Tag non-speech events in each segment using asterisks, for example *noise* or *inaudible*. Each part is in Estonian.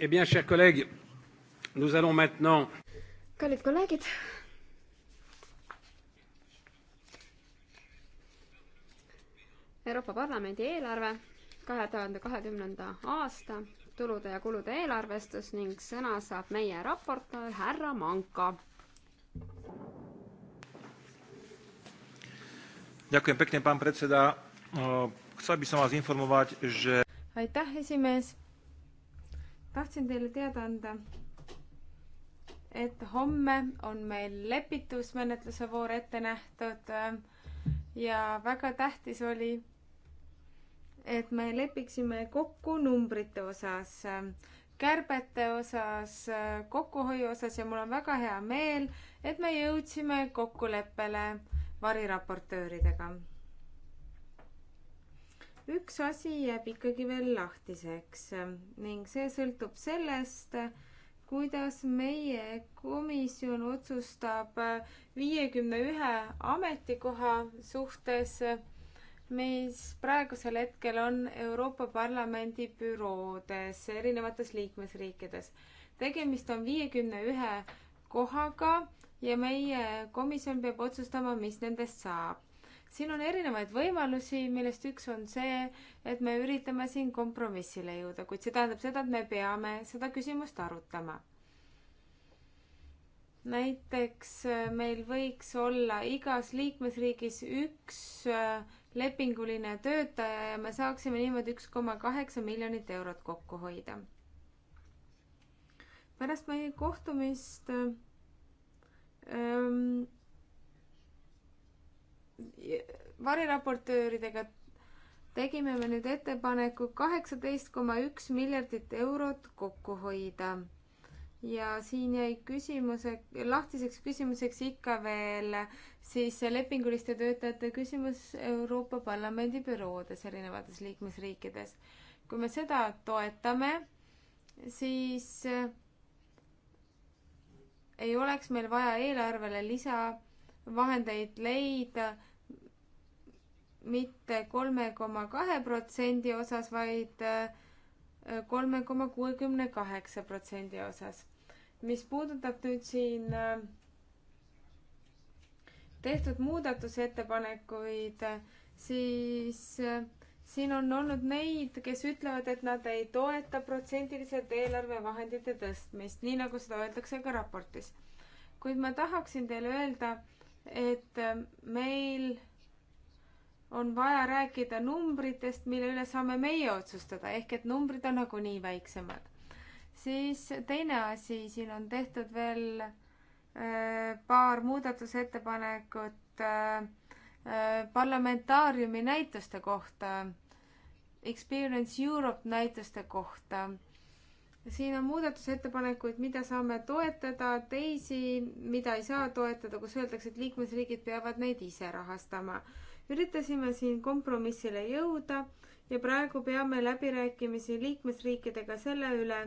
Eh bien, chers collègues, nous allons maintenant. kallid kolleegid. Euroopa Parlamendi eelarve kahe tuhande kahekümnenda aasta tulude ja kulude eelarvestus ning sõna saab meie raportöör härra Manka. aitäh, esimees tahtsin teile teada anda, et homme on meil lepitusmenetluse voor ette nähtud ähm, ja väga tähtis oli, et me lepiksime kokku numbrite osas, ähm, kärbete osas, äh, kokkuhoiu osas ja mul on väga hea meel, et me jõudsime kokkuleppele variraportööridega üks asi jääb ikkagi veel lahtiseks ning see sõltub sellest, kuidas meie komisjon otsustab viiekümne ühe ametikoha suhtes, mis praegusel hetkel on Euroopa Parlamendi büroodes erinevates liikmesriikides. tegemist on viiekümne ühe kohaga ja meie komisjon peab otsustama, mis nendest saab siin on erinevaid võimalusi, millest üks on see, et me üritame siin kompromissile jõuda, kuid see tähendab seda, et me peame seda küsimust arutama. näiteks äh, meil võiks olla igas liikmesriigis üks äh, lepinguline töötaja ja me saaksime niimoodi üks koma kaheksa miljonit eurot kokku hoida. pärast meie kohtumist äh, ähm, variraportööridega tegime me nüüd ettepaneku kaheksateist koma üks miljardit eurot kokku hoida. ja siin jäi küsimuse, lahtiseks küsimuseks ikka veel siis lepinguliste töötajate küsimus Euroopa Parlamendi büroodes erinevates liikmesriikides. kui me seda toetame, siis ei oleks meil vaja eelarvele lisa vahendeid leida mitte kolme koma kahe protsendi osas vaid, vaid äh, kolme koma kuuekümne kaheksa protsendi osas. mis puudutab nüüd siin äh, tehtud muudatusettepanekuid, siis äh, siin on olnud neid, kes ütlevad, et nad ei toeta protsendiliselt eelarvevahendite tõstmist, nii nagu seda öeldakse ka raportis. kuid ma tahaksin teile öelda, et meil on vaja rääkida numbritest, mille üle saame meie otsustada, ehk et numbrid on nagunii väiksemad. siis teine asi, siin on tehtud veel äh, paar muudatusettepanekut äh, äh, parlamentaariumi näituste kohta, Experience Europe näituste kohta siin on muudatusettepanekuid, mida saame toetada, teisi, mida ei saa toetada, kus öeldakse, et liikmesriigid peavad neid ise rahastama. üritasime siin kompromissile jõuda ja praegu peame läbirääkimisi liikmesriikidega selle üle,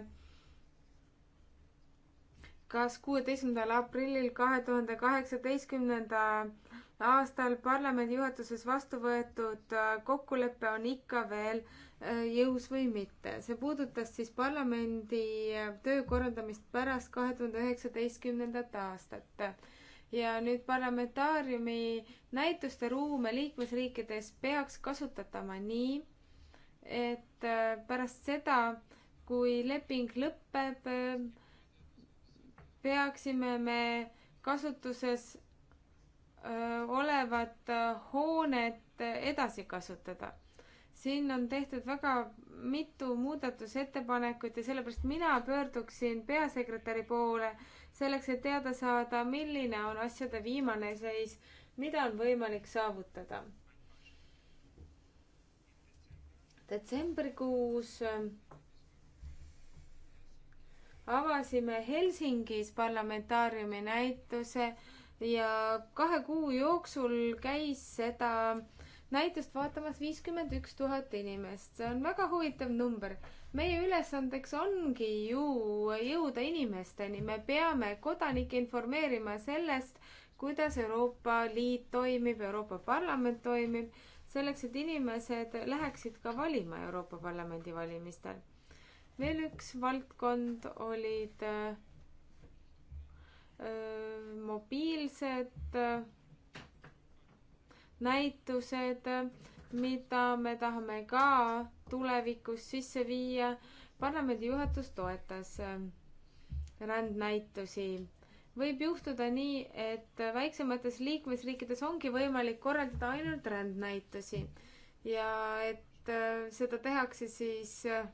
kas kuueteistkümnendal aprillil kahe tuhande kaheksateistkümnenda aastal parlamendi juhatuses vastu võetud kokkulepe on ikka veel äh, Äh, jõus või mitte. see puudutas siis parlamendi äh, töö korraldamist pärast kahe tuhande üheksateistkümnendat aastat. ja nüüd parlamentaariumi näituste ruume liikmesriikides peaks kasutatama nii, et äh, pärast seda, kui leping lõpeb, peaksime me kasutuses olevat hoonet edasi kasutada siin on tehtud väga mitu muudatusettepanekut ja sellepärast mina pöörduksin peasekretäri poole selleks, et teada saada, milline on asjade viimane seis, mida on võimalik saavutada. detsembrikuus ähm, avasime Helsingis parlamentaariumi näituse ja kahe kuu jooksul käis seda näitust vaatamas viiskümmend üks tuhat inimest, see on väga huvitav number. meie ülesandeks ongi ju jõuda inimesteni, me peame kodanikke informeerima sellest, kuidas Euroopa Liit toimib, Euroopa Parlament toimib, selleks, et inimesed läheksid ka valima Euroopa Parlamendi valimistel. veel üks valdkond olid öö, äh, mobiilsed öö, äh, näitused, mida me tahame ka tulevikus sisse viia. parlamendi juhatus toetas rändnäitusi. võib juhtuda nii, et väiksemates liikmesriikides ongi võimalik korraldada ainult rändnäitusi ja et äh, seda tehakse siis äh,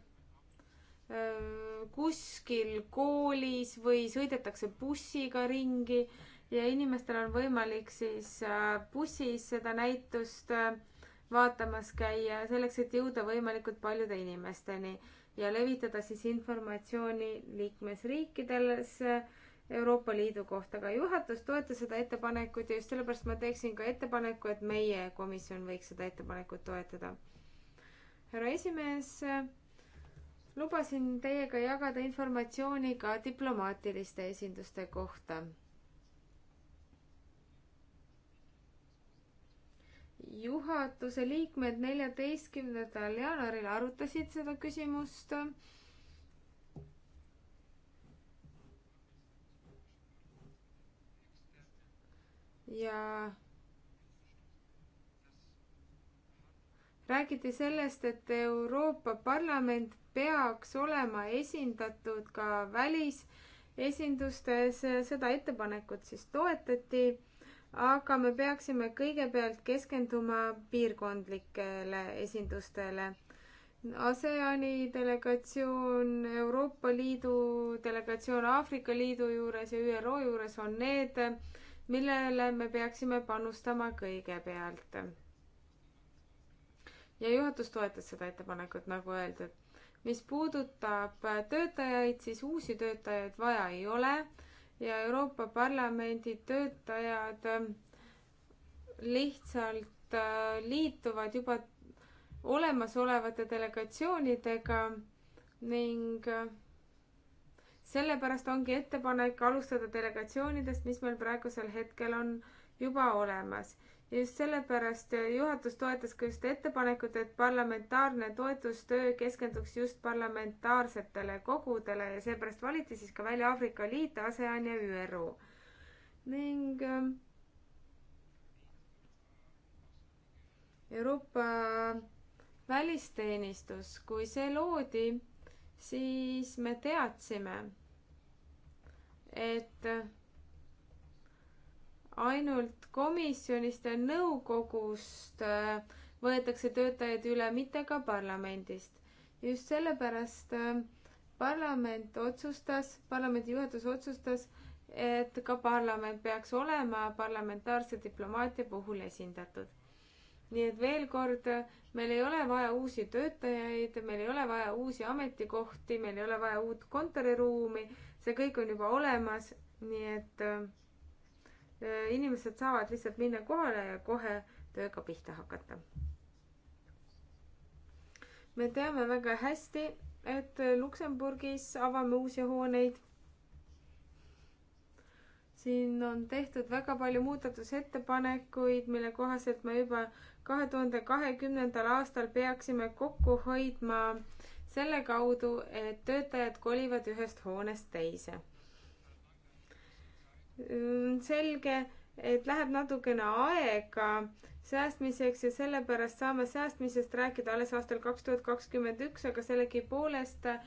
kuskil koolis või sõidetakse bussiga ringi ja inimestel on võimalik siis äh, bussis seda näitust äh, vaatamas käia selleks, et jõuda võimalikult paljude inimesteni ja levitada siis informatsiooni liikmesriikides äh, Euroopa Liidu kohta, aga juhatus toetas seda ettepanekut ja just sellepärast ma teeksin ka ettepaneku, et meie komisjon võiks seda ettepanekut toetada. härra esimees, lubasin teiega jagada informatsiooni ka diplomaatiliste esinduste kohta juhatuse liikmed neljateistkümnendal jaanuaril arutasid seda küsimust. ja räägiti sellest, et Euroopa Parlament peaks olema esindatud ka välisesindustes, seda ettepanekut siis toetati aga me peaksime kõigepealt keskenduma piirkondlikele esindustele. ASEAN-i delegatsioon, Euroopa Liidu delegatsioon Aafrika Liidu juures ja ÜRO juures on need, millele me peaksime panustama kõigepealt. ja juhatus toetas seda ettepanekut, nagu öeldud. mis puudutab töötajaid, siis uusi töötajaid vaja ei ole ja Euroopa Parlamendi töötajad ähm, lihtsalt äh, liituvad juba olemasolevate delegatsioonidega ning äh, sellepärast ongi ettepanek alustada delegatsioonidest, mis meil praegusel hetkel on juba olemas just sellepärast juhatus toetas ka just ettepanekut, et parlamentaarne toetustöö keskenduks just parlamentaarsetele kogudele ja seepärast valiti siis ka välja Aafrika Liit, ASEAN ja ÜRO. ning ähm, Euroopa välisteenistus, kui see loodi, siis me teadsime, et ainult komisjonist ja nõukogust äh, võetakse töötajaid üle, mitte ka parlamendist. just sellepärast äh, parlament otsustas, parlamendi juhatus otsustas, et ka parlament peaks olema parlamentaarse diplomaatia puhul esindatud. nii et veel kord, äh, meil ei ole vaja uusi töötajaid, meil ei ole vaja uusi ametikohti, meil ei ole vaja uut kontoriruumi, see kõik on juba olemas, nii et äh, Äh, inimesed saavad lihtsalt minna kohale ja kohe tööga pihta hakata. me teame väga hästi, et Luksemburgis avame uusi hooneid. siin on tehtud väga palju muudatusettepanekuid, mille kohaselt me juba kahe tuhande kahekümnendal aastal peaksime kokku hoidma selle kaudu, et töötajad kolivad ühest hoonest teise selge, et läheb natukene aega säästmiseks ja sellepärast saame säästmisest rääkida alles aastal kaks tuhat kakskümmend üks, aga sellegipoolest äh,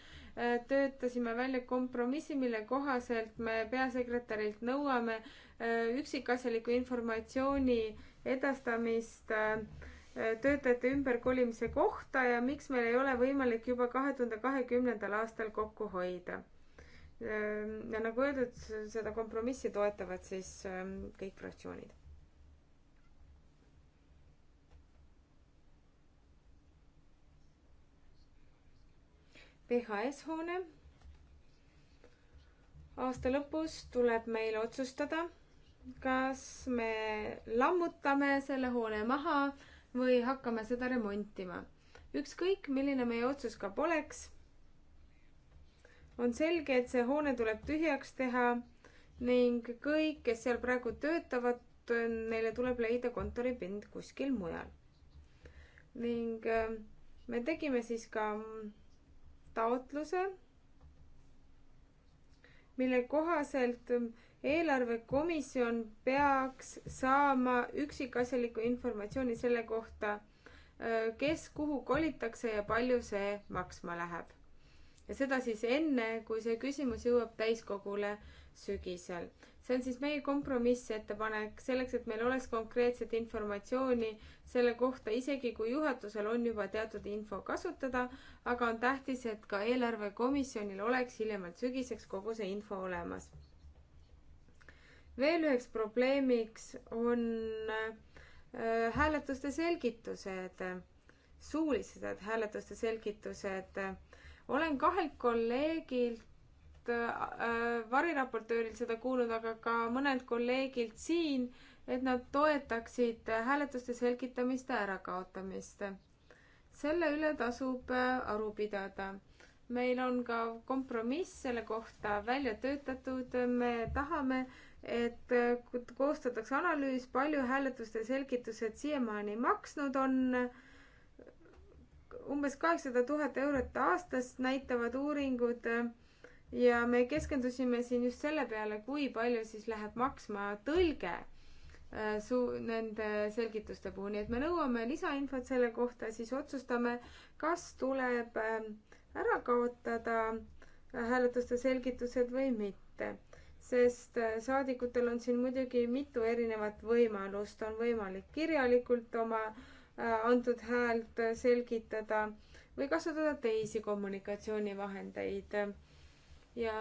töötasime välja kompromissi, mille kohaselt me peasekretärilt nõuame äh, üksikasjaliku informatsiooni edastamist äh, töötajate ümberkolimise kohta ja miks meil ei ole võimalik juba kahe tuhande kahekümnendal aastal kokku hoida Ehm, ja nagu öeldud, seda kompromissi toetavad siis ehm, kõik fraktsioonid. PHS hoone. aasta lõpus tuleb meil otsustada, kas me lammutame selle hoone maha või hakkame seda remontima. ükskõik, milline meie otsus ka poleks on selge, et see hoone tuleb tühjaks teha ning kõik, kes seal praegu töötavad, neile tuleb leida kontoripind kuskil mujal. ning äh, me tegime siis ka taotluse, mille kohaselt ähm, eelarvekomisjon peaks saama üksikasjalikku informatsiooni selle kohta, äh, kes kuhu kolitakse ja palju see maksma läheb ja seda siis enne, kui see küsimus jõuab täiskogule sügisel. see on siis meie kompromissettepanek selleks, et meil oleks konkreetset informatsiooni selle kohta, isegi kui juhatusel on juba teatud info kasutada, aga on tähtis, et ka eelarvekomisjonil oleks hiljemalt sügiseks kogu see info olemas. veel üheks probleemiks on äh, hääletuste selgitused, suulised hääletuste selgitused olen kahelt kolleegilt äh,, variraportööril seda kuulnud, aga ka mõnelt kolleegilt siin, et nad toetaksid hääletuste selgitamiste ärakaotamist. selle üle tasub äh, aru pidada. meil on ka kompromiss selle kohta välja töötatud, me tahame, et äh, koostatakse analüüs, palju hääletuste selgitused siiamaani maksnud on umbes kaheksasada tuhat eurot aastas, näitavad uuringud ja me keskendusime siin just selle peale, kui palju siis läheb maksma tõlge äh, su-, nende selgituste puhul, nii et me nõuame lisainfot selle kohta, siis otsustame, kas tuleb äh, ära kaotada äh, hääletuste selgitused või mitte. sest saadikutel on siin muidugi mitu erinevat võimalust, on võimalik kirjalikult oma äh, Äh, antud häält selgitada või kasutada teisi kommunikatsioonivahendeid. ja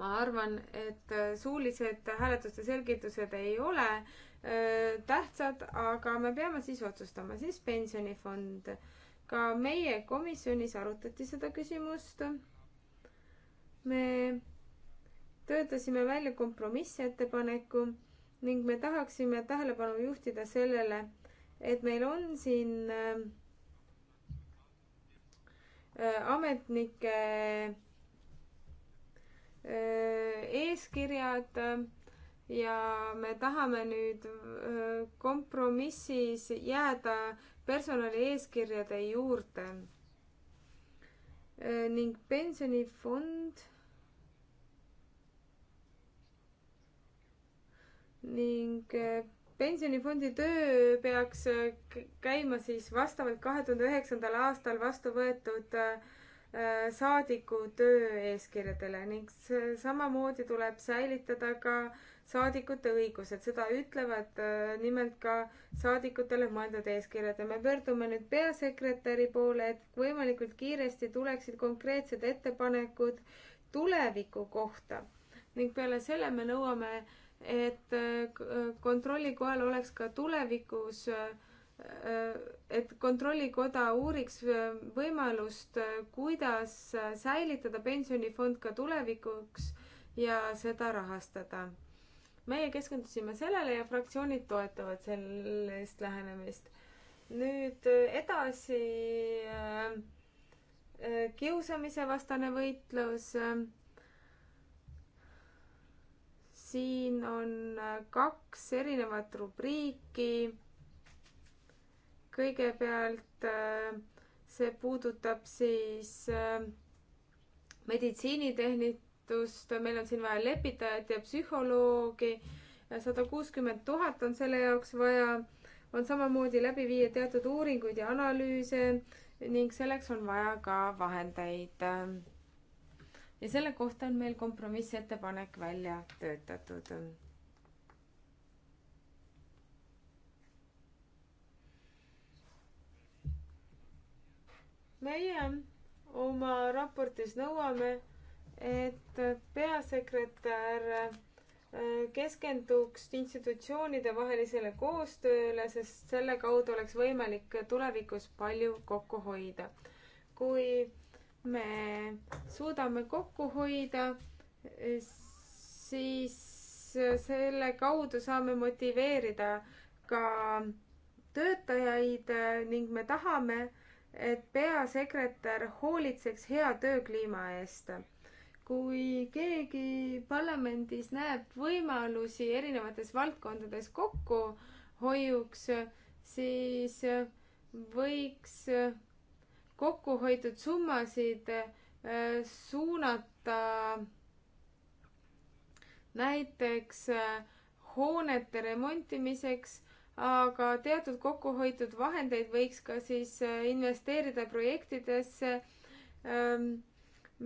ma arvan, et suulised hääletuste selgitused ei ole öö, äh, tähtsad, aga me peame siis otsustama, siis pensionifond. ka meie komisjonis arutati seda küsimust. me töötasime välja kompromissettepaneku ning me tahaksime tähelepanu juhtida sellele, et meil on siin äh, äh, ametnike äh, eeskirjad ja me tahame nüüd kompromissis jääda personali eeskirjade juurde ning pensionifond ning äh, pensionifondi töö peaks äh, käima siis vastavalt kahe tuhande üheksandal aastal vastu võetud äh, saadiku töö eeskirjadele ning samamoodi tuleb säilitada ka saadikute õigused, seda ütlevad nimelt ka saadikutele mõeldud eeskirjad ja me pöördume nüüd peasekretäri poole, et võimalikult kiiresti tuleksid konkreetsed ettepanekud tuleviku kohta ning peale selle me nõuame äh, et äh, äh, kontrollikojal oleks ka tulevikus, äh, et kontrollikoda uuriks võimalust, kuidas säilitada pensionifond ka tulevikuks ja seda rahastada. meie keskendusime sellele ja fraktsioonid toetavad sellist lähenemist. nüüd edasi kiusamise vastane võitlus siin on äh, kaks erinevat rubriiki. kõigepealt äh, see puudutab siis äh, meditsiinitehnitust, meil on siin vaja lepitajat ja psühholoogi. sada kuuskümmend tuhat on selle jaoks vaja, on samamoodi läbi viia teatud uuringuid ja analüüse ning selleks on vaja ka vahendeid ja selle kohta on meil kompromissettepanek välja töötatud. meie oma raportis nõuame, et peasekretär äh, keskenduks institutsioonide vahelisele koostööle, sest selle kaudu oleks võimalik tulevikus palju kokku hoida. kui me suudame kokku hoida, siis selle kaudu saame motiveerida ka töötajaid ning me tahame, et peasekretär hoolitseks hea töökliima eest. kui keegi parlamendis näeb võimalusi erinevates valdkondades kokkuhoiuks, siis võiks kokkuhoitud summasid äh, suunata näiteks äh, hoonete remontimiseks, aga teatud kokkuhoitud vahendeid võiks ka siis äh, investeerida projektidesse, ähm,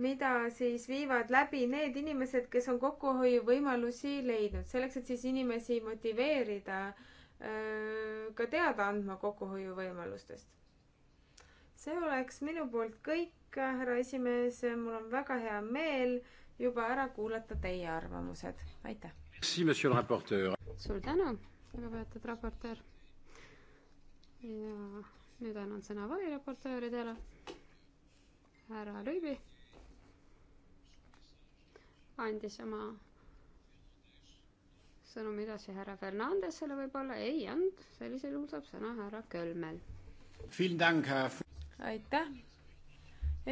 mida siis viivad läbi need inimesed, kes on kokkuhoiuvõimalusi leidnud, selleks et siis inimesi motiveerida ka teada andma kokkuhoiuvõimalustest see oleks minu poolt kõik, härra esimees, mul on väga hea meel juba ära kuulata teie arvamused, aitäh. suur tänu, lugupeetud raportöör. ja nüüd annan sõna variraportööridele. härra Lüübi andis oma sõnum edasi härra Fernandesele võib-olla, ei andnud, sellisel juhul saab sõna härra Kölmel aitäh,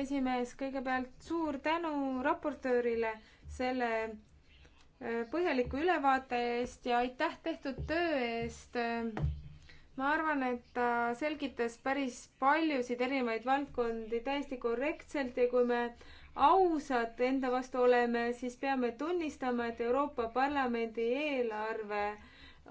esimees, kõigepealt suur tänu raportöörile selle äh, põhjaliku ülevaate eest ja aitäh tehtud töö eest. ma arvan, et ta selgitas päris paljusid erinevaid valdkondi täiesti korrektselt ja kui me ausad enda vastu oleme, siis peame tunnistama, et Euroopa Parlamendi eelarve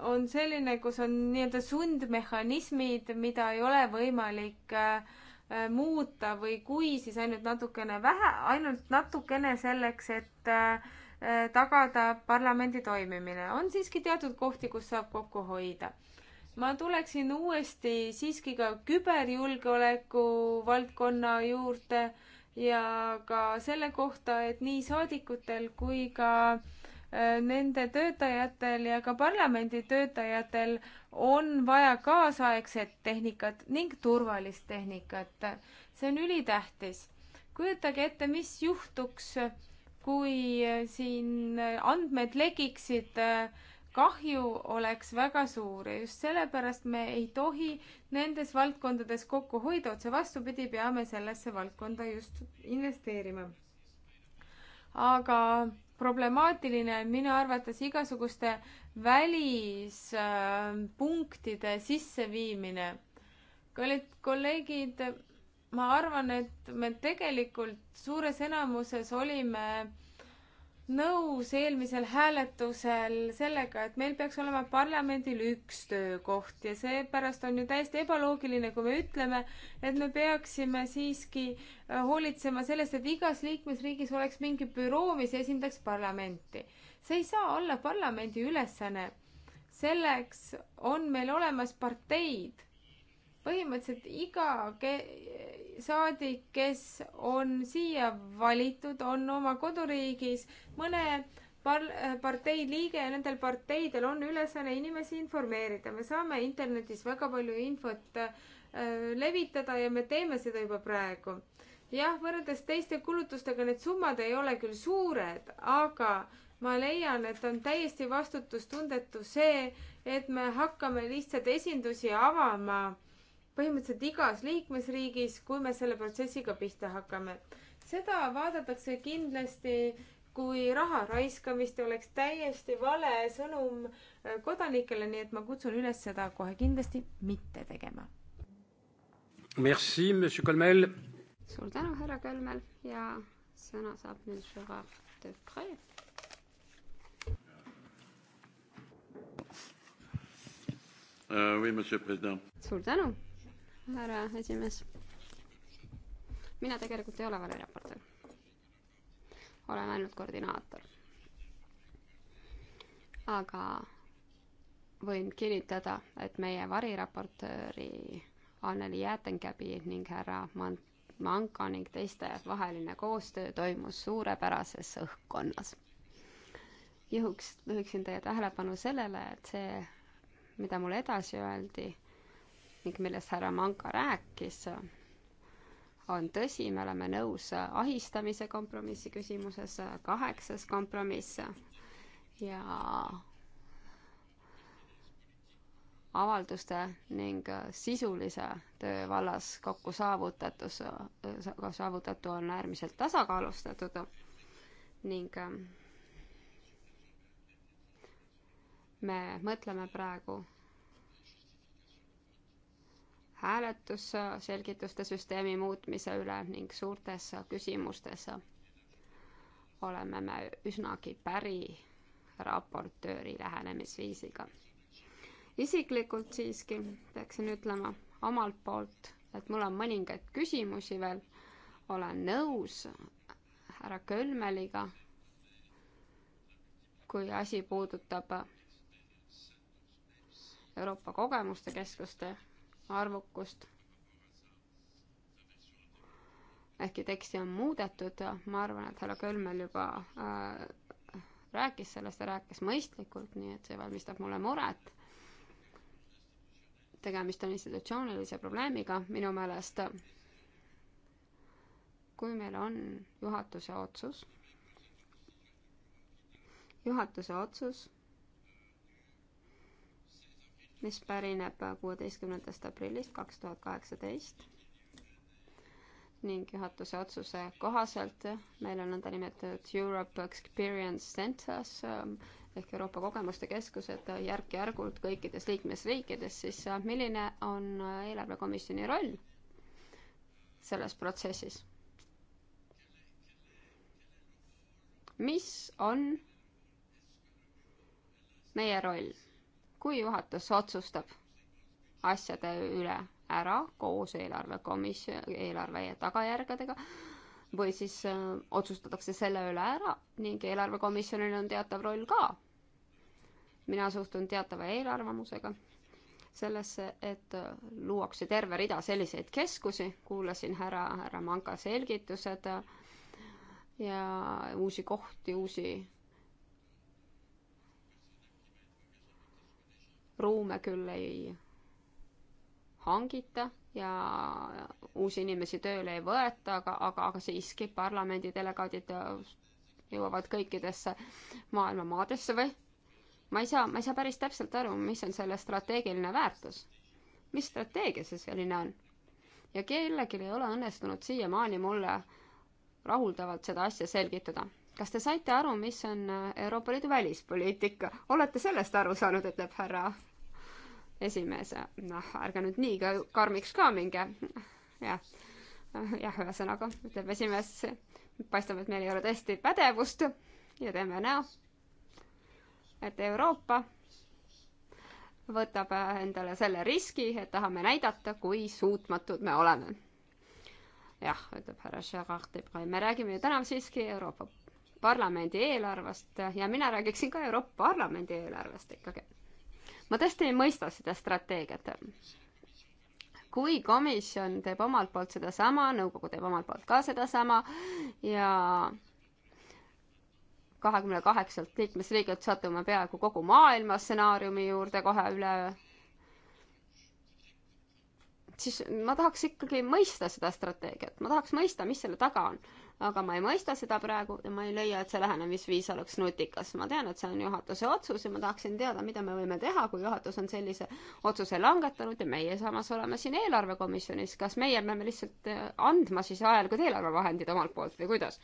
on selline, kus on nii-öelda sundmehhanismid, mida ei ole võimalik äh, Äh, muuta või kui, siis ainult natukene vähe, ainult natukene selleks, et äh, tagada parlamendi toimimine. on siiski teatud kohti, kus saab kokku hoida ma tuleksin uuesti siiski ka küberjulgeoleku valdkonna juurde ja ka selle kohta, et nii saadikutel kui ka äh, Äh, nende töötajatel ja ka parlamendi töötajatel on vaja kaasaegset tehnikat ning turvalist tehnikat. see on ülitähtis. kujutage ette, mis juhtuks, kui äh, siin äh, andmed lekiksid, kahju oleks väga suur ja just sellepärast me ei tohi nendes valdkondades kokku hoida, otse vastupidi, peame sellesse valdkonda just investeerima. aga problemaatiline minu arvates igasuguste välispunktide sisseviimine. kallid kolleegid, ma arvan, et me tegelikult suures enamuses olime nõus eelmisel hääletusel sellega, et meil peaks olema parlamendil üks töökoht ja seepärast on ju täiesti ebaloogiline, kui me ütleme, et me peaksime siiski äh, hoolitsema sellest, et igas liikmesriigis oleks mingi büroo, mis esindaks parlamenti. see ei saa olla parlamendi ülesanne. selleks on meil olemas parteid põhimõtteliselt iga ke-, saadik, kes on siia valitud, on oma koduriigis mõne par-, partei liige ja nendel parteidel on ülesanne inimesi informeerida. me saame internetis väga palju infot äh, levitada ja me teeme seda juba praegu. jah, võrreldes teiste kulutustega need summad ei ole küll suured, aga ma leian, et on täiesti vastutustundetu see, et me hakkame lihtsalt esindusi avama põhimõtteliselt igas liikmesriigis, kui me selle protsessiga pihta hakkame. seda vaadatakse kindlasti kui raha raiskamist oleks täiesti vale sõnum äh, kodanikele, nii et ma kutsun üles seda kohe kindlasti mitte tegema. Merci, monsieur Colmel. suur tänu, härra Kölmel ja sõna saab nüüd Gerard Depre. Uh, oui, monsieur president. suur tänu härra esimees. mina tegelikult ei ole valeraportöör. olen ainult koordinaator. aga võin kinnitada, et meie variraportööri Anneli Jäätenkäbi ning härra Man-, Manka ning teiste vaheline koostöö toimus suurepärases õhkkonnas. juhuks, juhiksin teie tähelepanu sellele, et see, mida mulle edasi öeldi, ning millest härra Manka rääkis, on tõsi, me oleme nõus ahistamise kompromissi küsimuses, kaheksas kompromiss ja avalduste ning sisulise töö vallas kokku saavutatus, saavutatu on äärmiselt tasakaalustatud ning me mõtleme praegu hääletusselgituste süsteemi muutmise üle ning suurtes küsimustes oleme me üsnagi päri raportööri lähenemisviisiga. isiklikult siiski peaksin ütlema omalt poolt, et mul on mõningaid küsimusi veel, olen nõus härra Kölmeliga, kui asi puudutab Euroopa Kogemuste Keskuste arvukust. ehkki teksti on muudetud, ma arvan, et härra Kölmel juba äh, rääkis sellest ja rääkis mõistlikult, nii et see valmistab mulle muret. tegemist on institutsioonilise probleemiga minu meelest. kui meil on juhatuse otsus, juhatuse otsus mis pärineb kuueteistkümnendast aprillist kaks tuhat kaheksateist ning juhatuse otsuse kohaselt meil on nõndanimetatud Europe Experience Centers ähm, ehk Euroopa Kogemuste Keskused järk-järgult kõikides liikmesriikides, siis äh, milline on äh, eelarvekomisjoni roll selles protsessis? mis on meie roll? kui juhatus otsustab asjade üle ära koos eelarvekomisjoni, eelarve ja tagajärgedega, või siis öö, äh, otsustatakse selle üle ära ning eelarvekomisjonil on teatav roll ka. mina suhtun teatava eelarvamusega sellesse, et äh, luuakse terve rida selliseid keskusi, kuulasin härra, härra Manka selgitused äh, ja uusi kohti, uusi ruume küll ei hangita ja uusi inimesi tööle ei võeta, aga, aga, aga siiski parlamendi delegaadid jõuavad kõikidesse maailma maadesse või? ma ei saa, ma ei saa päris täpselt aru, mis on selle strateegiline väärtus. mis strateegia see selline on? ja kellelgi ei ole õnnestunud siiamaani mulle rahuldavalt seda asja selgitada. kas te saite aru, mis on Euroopa Liidu välispoliitika? olete sellest aru saanud, ütleb härra esimees, noh, ärge nüüd nii ka karmiks ka minge. jah, jah, ühesõnaga, ütleb esimees, paistab, et meil ei ole tõesti pädevust ja teeme näo, et Euroopa võtab endale selle riski, et tahame näidata, kui suutmatud me oleme. jah, ütleb härra Gerard Debré, me räägime ju täna siiski Euroopa Parlamendi eelarvest ja mina räägiksin ka Euroopa Parlamendi eelarvest ikkagi ma tõesti ei mõista seda strateegiat. kui komisjon teeb omalt poolt sedasama, nõukogu teeb omalt poolt ka sedasama ja kahekümne kaheksalt liikmesriigilt satume peaaegu kogu maailma stsenaariumi juurde kohe üleöö siis ma tahaks ikkagi mõista seda strateegiat, ma tahaks mõista, mis selle taga on. aga ma ei mõista seda praegu ja ma ei leia, et see lähenemisviis oleks nutikas. ma tean, et see on juhatuse otsus ja ma tahaksin teada, mida me võime teha, kui juhatus on sellise otsuse langetanud ja meie samas oleme siin eelarvekomisjonis. kas meie peame lihtsalt äh, andma siis ajalikud eelarvevahendid omalt poolt või kuidas?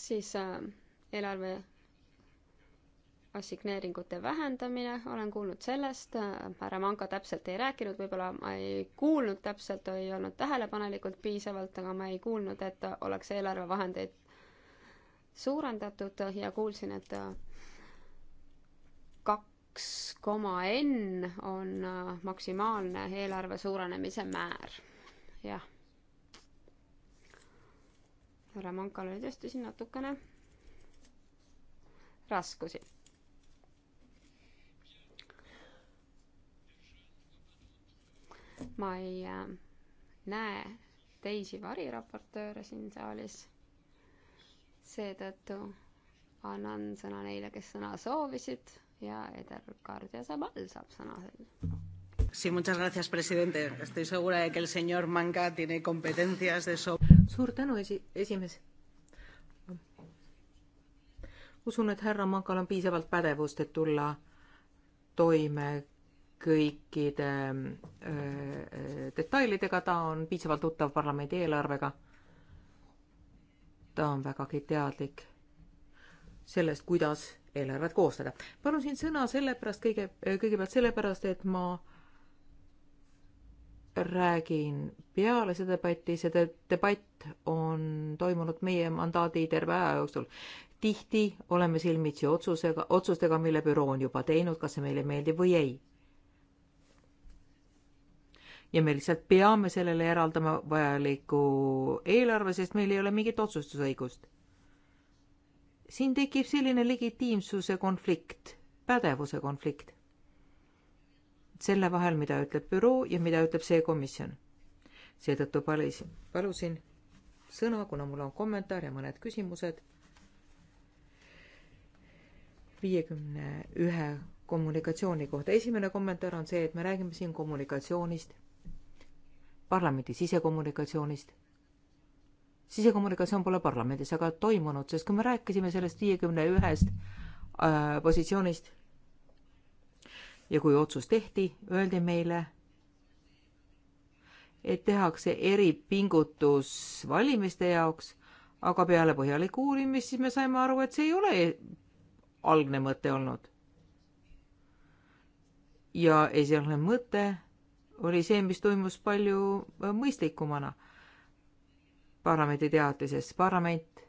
siis äh, eelarve assigneeringute vähendamine, olen kuulnud sellest, härra Manga täpselt ei rääkinud, võib-olla ma ei kuulnud täpselt, ei olnud tähelepanelikult piisavalt, aga ma ei kuulnud, et oleks eelarvevahendeid suurendatud ja kuulsin, et kaks koma N on maksimaalne eelarve suurenemise määr, jah. härra Mankal oli tõesti siin natukene raskusi ma ei äh, näe teisi variraportööre siin saalis. seetõttu annan sõna neile, kes sõna soovisid ja Eder Kardia Sabal saab sõna. Sí, muchas gracias, presidente. Estoy segura de que el señor Manga tiene competencias de so-. suur tänu, esi-, esimees. usun, et härra Mangal on piisavalt pädevust, et tulla toime kõikide detailidega, ta on piisavalt tuttav parlamendi eelarvega. ta on vägagi teadlik sellest, kuidas eelarvet koostada. palun siin sõna sellepärast kõige, kõigepealt sellepärast, et ma räägin peale seda debatti, see debatt on toimunud meie mandaadi terve aja jooksul. tihti oleme silmitsi otsusega, otsustega, mille büroo on juba teinud, kas see meile meeldib või ei ja me lihtsalt peame sellele eraldama vajaliku eelarve, sest meil ei ole mingit otsustusõigust. siin tekib selline legitiimsuse konflikt, pädevuse konflikt. selle vahel, mida ütleb büroo ja mida ütleb see komisjon. seetõttu palusin, palusin sõna, kuna mul on kommentaar ja mõned küsimused. viiekümne ühe kommunikatsiooni kohta. esimene kommentaar on see, et me räägime siin kommunikatsioonist parlamendi sisekommunikatsioonist. sisekommunikatsioon pole parlamendis aga toimunud, sest kui me rääkisime sellest viiekümne ühest äh, positsioonist ja kui otsus tehti, öeldi meile, et tehakse eripingutus valimiste jaoks, aga peale põhjalikku uurimist siis me saime aru, et see ei ole algne mõte olnud. ja esialgne mõte oli see, mis toimus palju äh, mõistlikumana parlamendi teatises. parlament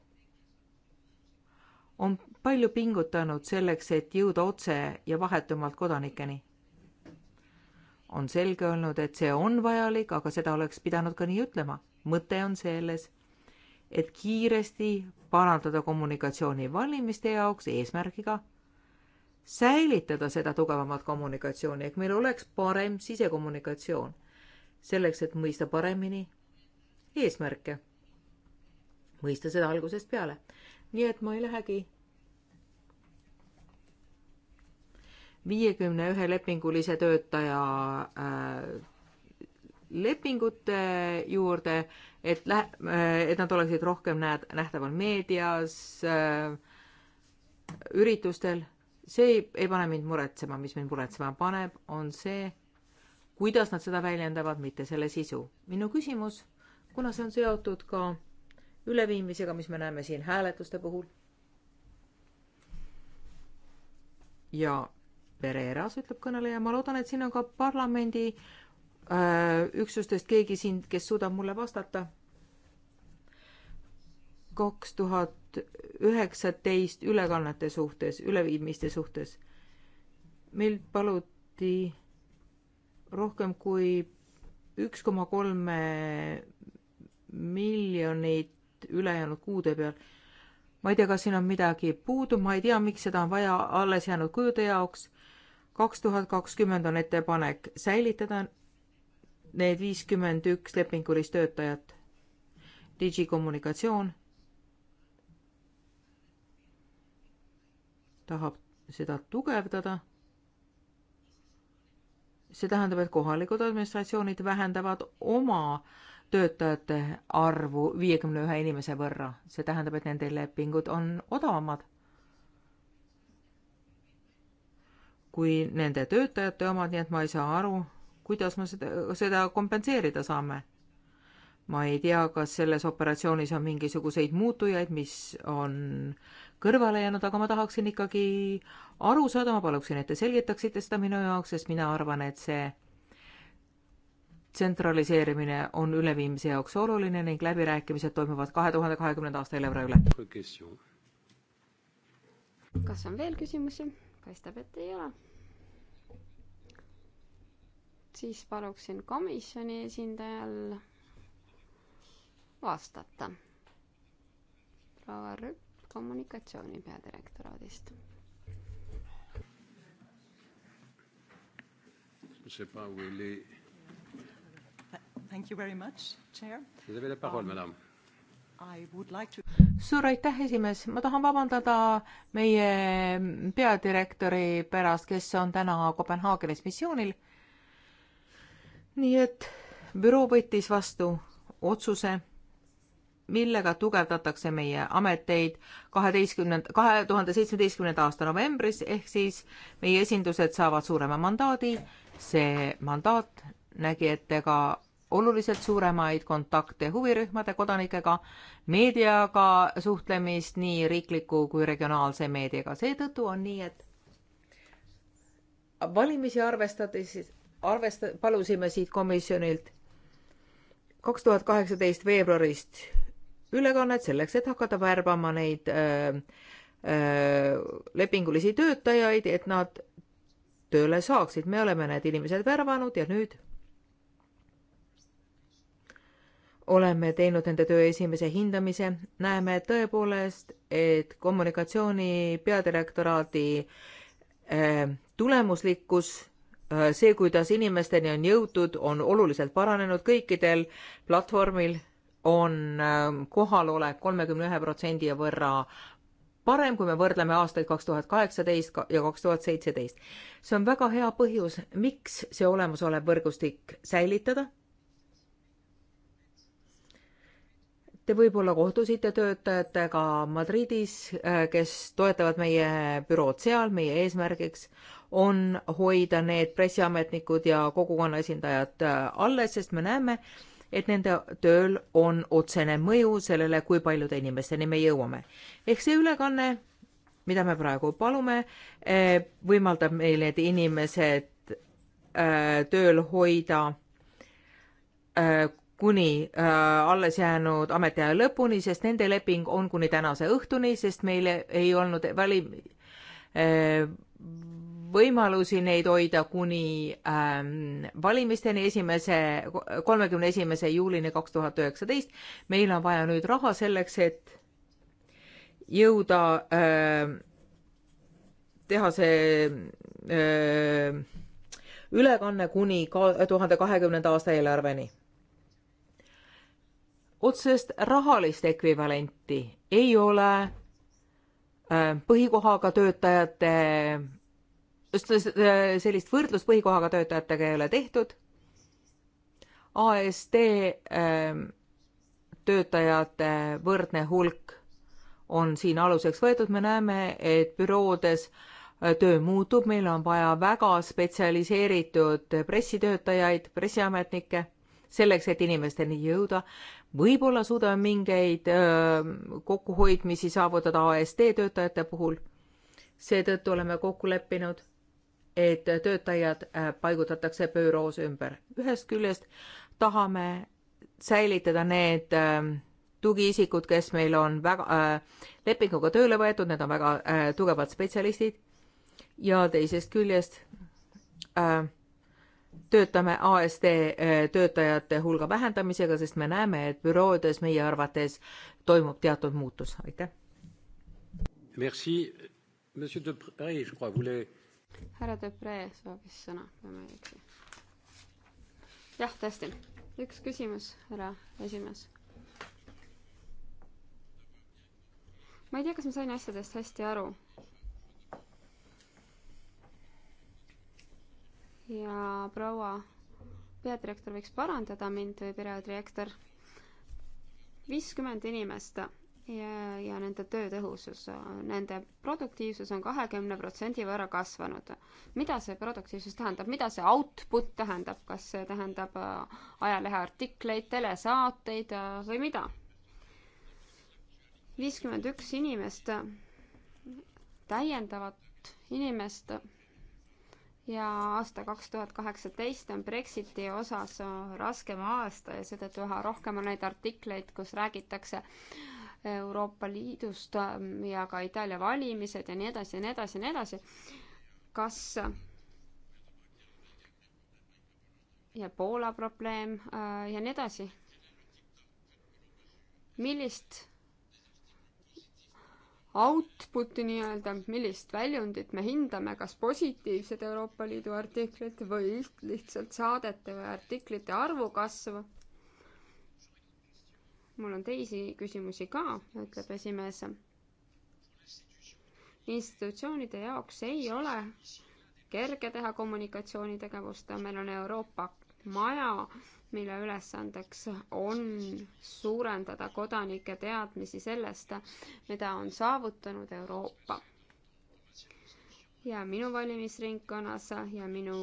on palju pingutanud selleks, et jõuda otse ja vahetumalt kodanikeni. on selge olnud, et see on vajalik, aga seda oleks pidanud ka nii ütlema. mõte on selles, et kiiresti parandada kommunikatsiooni valimiste jaoks eesmärgiga säilitada seda tugevamat kommunikatsiooni, ehk meil oleks parem sisekommunikatsioon, selleks et mõista paremini eesmärke, mõista seda algusest peale. nii et ma ei lähegi viiekümne ühe lepingulise töötaja äh, lepingute juurde, et lähe- äh,, et nad oleksid rohkem näed-, nähtaval meedias äh,, üritustel see ei, ei pane mind muretsema, mis mind muretsema paneb, on see, kuidas nad seda väljendavad, mitte selle sisu. minu küsimus, kuna see on seotud ka üleviimisega, mis me näeme siin hääletuste puhul ja Pereiras, ütleb kõneleja, ma loodan, et siin on ka parlamendi öö, äh, üksustest keegi siin, kes suudab mulle vastata kaks tuhat üheksateist ülekannete suhtes, üleviimiste suhtes. meil paluti rohkem kui üks koma kolme miljonit ülejäänud kuude peal. ma ei tea, kas siin on midagi puudu, ma ei tea, miks seda on vaja alles jäänud kujude jaoks. kaks tuhat kakskümmend on ettepanek säilitada need viiskümmend üks lepingulist töötajat. digikommunikatsioon tahab seda tugevdada. see tähendab, et kohalikud administratsioonid vähendavad oma töötajate arvu viiekümne ühe inimese võrra, see tähendab, et nende lepingud on odavamad kui nende töötajate omad, nii et ma ei saa aru, kuidas me seda, seda kompenseerida saame. ma ei tea, kas selles operatsioonis on mingisuguseid muutujaid, mis on kõrvale jäänud, aga ma tahaksin ikkagi aru saada, ma paluksin, et te selgitaksite seda minu jaoks, sest mina arvan, et see tsentraliseerimine on üleviimise jaoks oluline ning läbirääkimised toimuvad kahe tuhande kahekümnenda aasta eelarve üle. kas on veel küsimusi? paistab, et ei ole. siis paluksin komisjoni esindajal vastata. proua Rüpp kommunikatsiooni peadirektoraadist. Um, suur aitäh, esimees, ma tahan vabandada meie peadirektori pärast, kes on täna Kopenhaagenis missioonil. nii et büroo võttis vastu otsuse millega tugevdatakse meie ameteid kaheteistkümnenda, kahe tuhande seitsmeteistkümnenda aasta novembris, ehk siis meie esindused saavad suurema mandaadi. see mandaat nägi ette ka oluliselt suuremaid kontakte huvirühmade kodanikega, meediaga suhtlemist nii riikliku kui regionaalse meediaga, seetõttu on nii, et valimisi arvestades, arvesta-, palusime siit komisjonilt kaks tuhat kaheksateist veebruarist ülekannet selleks, et hakata värbama neid öö, äh, öö, äh, lepingulisi töötajaid, et nad tööle saaksid. me oleme need inimesed värvanud ja nüüd oleme teinud nende töö esimese hindamise. näeme tõepoolest, et kommunikatsiooni peadirektoraadi öö, äh, tulemuslikkus see, kuidas inimesteni on jõutud, on oluliselt paranenud kõikidel platvormil on ähm, kohalolek kolmekümne ühe protsendi võrra parem, kui me võrdleme aastaid kaks tuhat kaheksateist ja kaks tuhat seitseteist. see on väga hea põhjus, miks see olemasolev võrgustik säilitada. Te võib-olla kohtusite töötajatega Madridis, äh, kes toetavad meie bürood seal, meie eesmärgiks on hoida need pressiametnikud ja kogukonna esindajad äh, alles, sest me näeme, et et nende tööl on otsene mõju sellele, kui paljude inimesteni me jõuame. ehk see ülekanne, mida me praegu palume, eh, võimaldab meil need inimesed eh, tööl hoida eh, kuni äh, alles jäänud ametiaja lõpuni, sest nende leping on kuni tänase õhtuni, sest meil ei olnud vali äh, võimalusi neid hoida kuni ähm, valimisteni esimese, kolmekümne esimese juulini kaks tuhat üheksateist. meil on vaja nüüd raha selleks, et jõuda äh, teha see äh, ülekanne kuni tuhande kahekümnenda aasta eelarveni. otsest rahalist ekvivalenti ei ole ähm, põhikohaga töötajate sellist võrdlust põhikohaga töötajatega ei ole tehtud. AST ähm, töötajate võrdne hulk on siin aluseks võetud, me näeme, et büroodes äh, töö muutub, meil on vaja väga spetsialiseeritud pressitöötajaid, pressiametnikke, selleks, et inimesteni jõuda. võib-olla suudame mingeid ähm, kokkuhoidmisi saavutada AST töötajate puhul seetõttu oleme kokku leppinud, et töötajad äh, paigutatakse büroos ümber. ühest küljest tahame säilitada need ähm, tugiisikud, kes meil on väga äh, lepinguga tööle võetud, need on väga äh, tugevad spetsialistid ja teisest küljest äh, töötame ASD äh, töötajate hulga vähendamisega, sest me näeme, et büroodes meie arvates toimub teatud muutus, aitäh. Merci, monsieur Depree, je crois, voulait härra Depree soovis sõna, kui ma ei eksi. jah, tõesti, üks küsimus, härra esimees. ma ei tea, kas ma sain asjadest hästi aru. ja proua peadirektor võiks parandada mind või peadirektor, viiskümmend inimest ja, ja nende töö tõhusus, nende produktiivsus on kahekümne protsendi võrra kasvanud. mida see produktiivsus tähendab, mida see output tähendab, kas see tähendab äh, ajaleheartikleid, telesaateid äh, või mida? viiskümmend üks inimest, täiendavat inimest ja aasta kaks tuhat kaheksateist on Brexiti osas äh, raskem aasta ja seetõttu üha rohkem on neid artikleid, kus räägitakse äh, Euroopa Liidust ähm, ja ka Itaalia valimised ja nii edasi ja nii edasi ja nii edasi. kas äh, ja Poola probleem äh, ja nii edasi. millist output'i nii-öelda, millist väljundit me hindame, kas positiivsed Euroopa Liidu artiklid või lihtsalt saadete või artiklite arvu kasvu mul on teisi küsimusi ka, ütleb esimees. institutsioonide jaoks ei ole kerge teha kommunikatsioonitegevust, meil on Euroopa maja, mille ülesandeks on suurendada kodanike teadmisi sellest, mida on saavutanud Euroopa. ja minu valimisringkonnas ja minu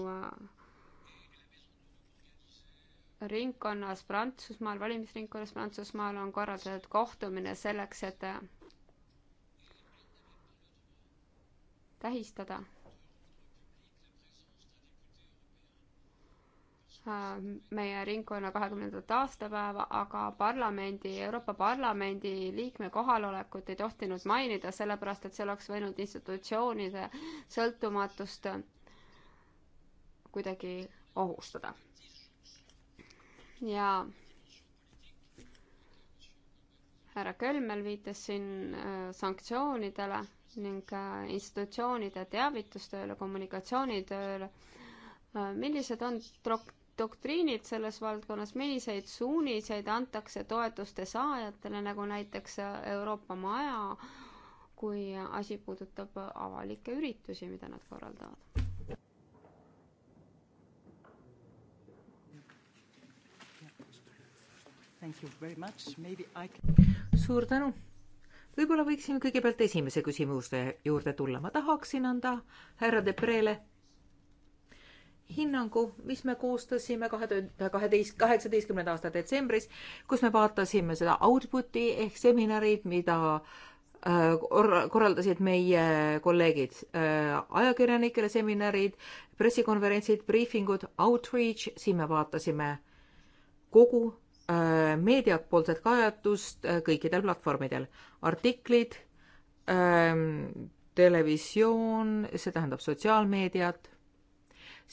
ringkonnas Prantsusmaal, valimisringkonnas Prantsusmaal on korraldatud kohtumine selleks, et tähistada äh, meie ringkonna kahekümnendat aastapäeva, aga parlamendi, Euroopa Parlamendi liikme kohalolekut ei tohtinud mainida, sellepärast et see oleks võinud institutsioonide sõltumatust kuidagi ohustada ja härra Kölmel viitas siin äh, sanktsioonidele ning äh, institutsioonide teavitustööle, kommunikatsioonitööle. Äh, millised on dok-, doktriinid selles valdkonnas, milliseid suuniseid antakse toetuste saajatele, nagu näiteks Euroopa Maja, kui asi puudutab avalikke üritusi, mida nad korraldavad? suur tänu. võib-olla võiksime kõigepealt esimese küsimuse juurde tulla. ma tahaksin anda härra Debrele hinnangu, mis me koostasime kahe tuhande kaheteist, kaheksateistkümnenda aasta detsembris, kus me vaatasime seda output'i ehk seminarid, mida äh, korraldasid meie kolleegid, äh, ajakirjanikele seminarid, pressikonverentsid, briifingud, outreach, siin me vaatasime kogu Äh, meediapoolset kajatust äh, kõikidel platvormidel. artiklid, ähm, televisioon, see tähendab sotsiaalmeediat.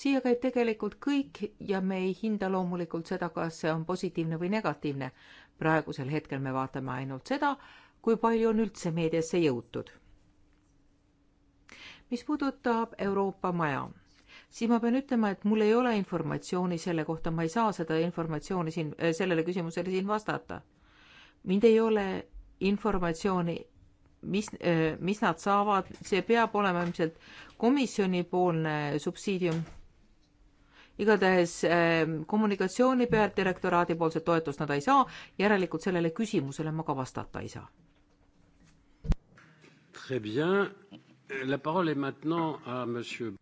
siia käib tegelikult kõik ja me ei hinda loomulikult seda, kas see on positiivne või negatiivne. praegusel hetkel me vaatame ainult seda, kui palju on üldse meediasse jõutud. mis puudutab Euroopa Maja siis ma pean ütlema, et mul ei ole informatsiooni selle kohta, ma ei saa seda informatsiooni siin, äh, sellele küsimusele siin vastata. mind ei ole informatsiooni, mis, äh, mis nad saavad, see peab olema ilmselt komisjonipoolne subsiidium. igatahes äh, kommunikatsiooni pealt direktoraadi poolset toetust nad ei saa, järelikult sellele küsimusele ma ka vastata ei saa. Très bien. La parole est maintenant à monsieur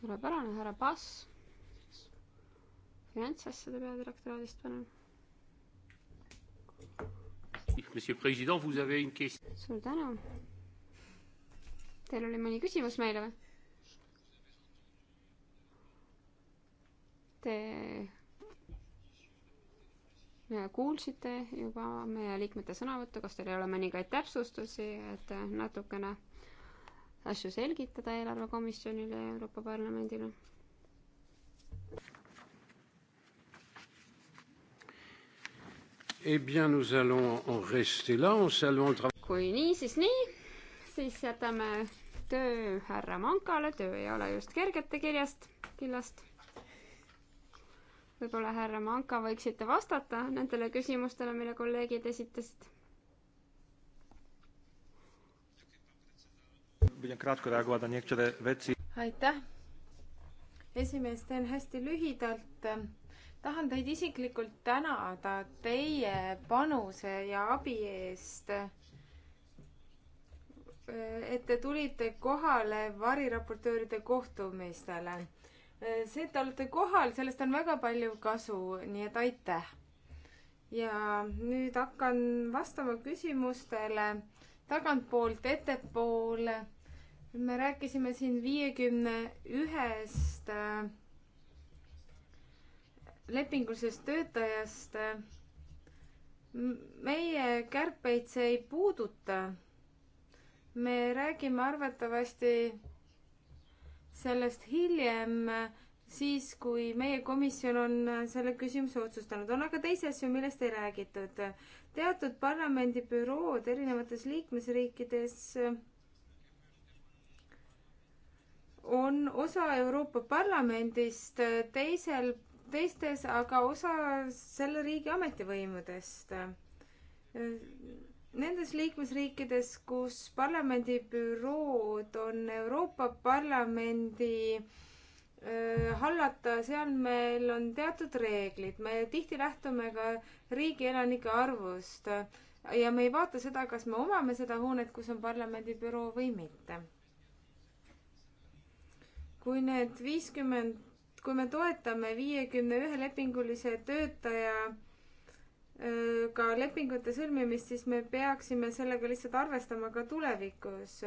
suurepärane, härra Pass. finantsasjade peadirektoraadist, palun. suur tänu. Teil oli mõni küsimus meile või? Te Ja kuulsite juba meie liikmete sõnavõttu, kas teil ei ole mõningaid täpsustusi, et natukene asju selgitada eelarvekomisjonile ja Euroopa Parlamendile. Eh bien, nous allons en rester là, en saluant le travail. kui nii, siis nii, siis jätame töö härra Mankale, töö ei ole just kergete kirjast, killast. võib-olla härra Manka võiksite vastata nendele küsimustele, mille kolleegid esitasid aitäh! esimees, teen hästi lühidalt. tahan teid isiklikult tänada teie panuse ja abi eest et te tulite kohale variraportööride kohtumistele. see, et te olete kohal, sellest on väga palju kasu, nii et aitäh. ja nüüd hakkan vastama küsimustele tagantpoolt ettepoole me rääkisime siin viiekümne ühest äh, lepingulisest töötajast. meie kärpeid see ei puuduta. me räägime arvatavasti sellest hiljem, siis kui meie komisjon on selle küsimuse otsustanud. on aga teisi asju, millest ei räägitud. teatud parlamendibürood erinevates liikmesriikides on osa Euroopa Parlamendist, teisel, teistes aga osa selle riigi ametivõimudest. Nendes liikmesriikides, kus parlamendibürood on Euroopa Parlamendi äh, hallata, seal meil on teatud reeglid, me tihti lähtume ka riigi elanike arvust ja me ei vaata seda, kas me omame seda hoonet, kus on parlamendibüroo või mitte kui need viiskümmend, kui me toetame viiekümne ühe lepingulise töötaja äh, ka lepingute sõlmimist, siis me peaksime sellega lihtsalt arvestama ka tulevikus.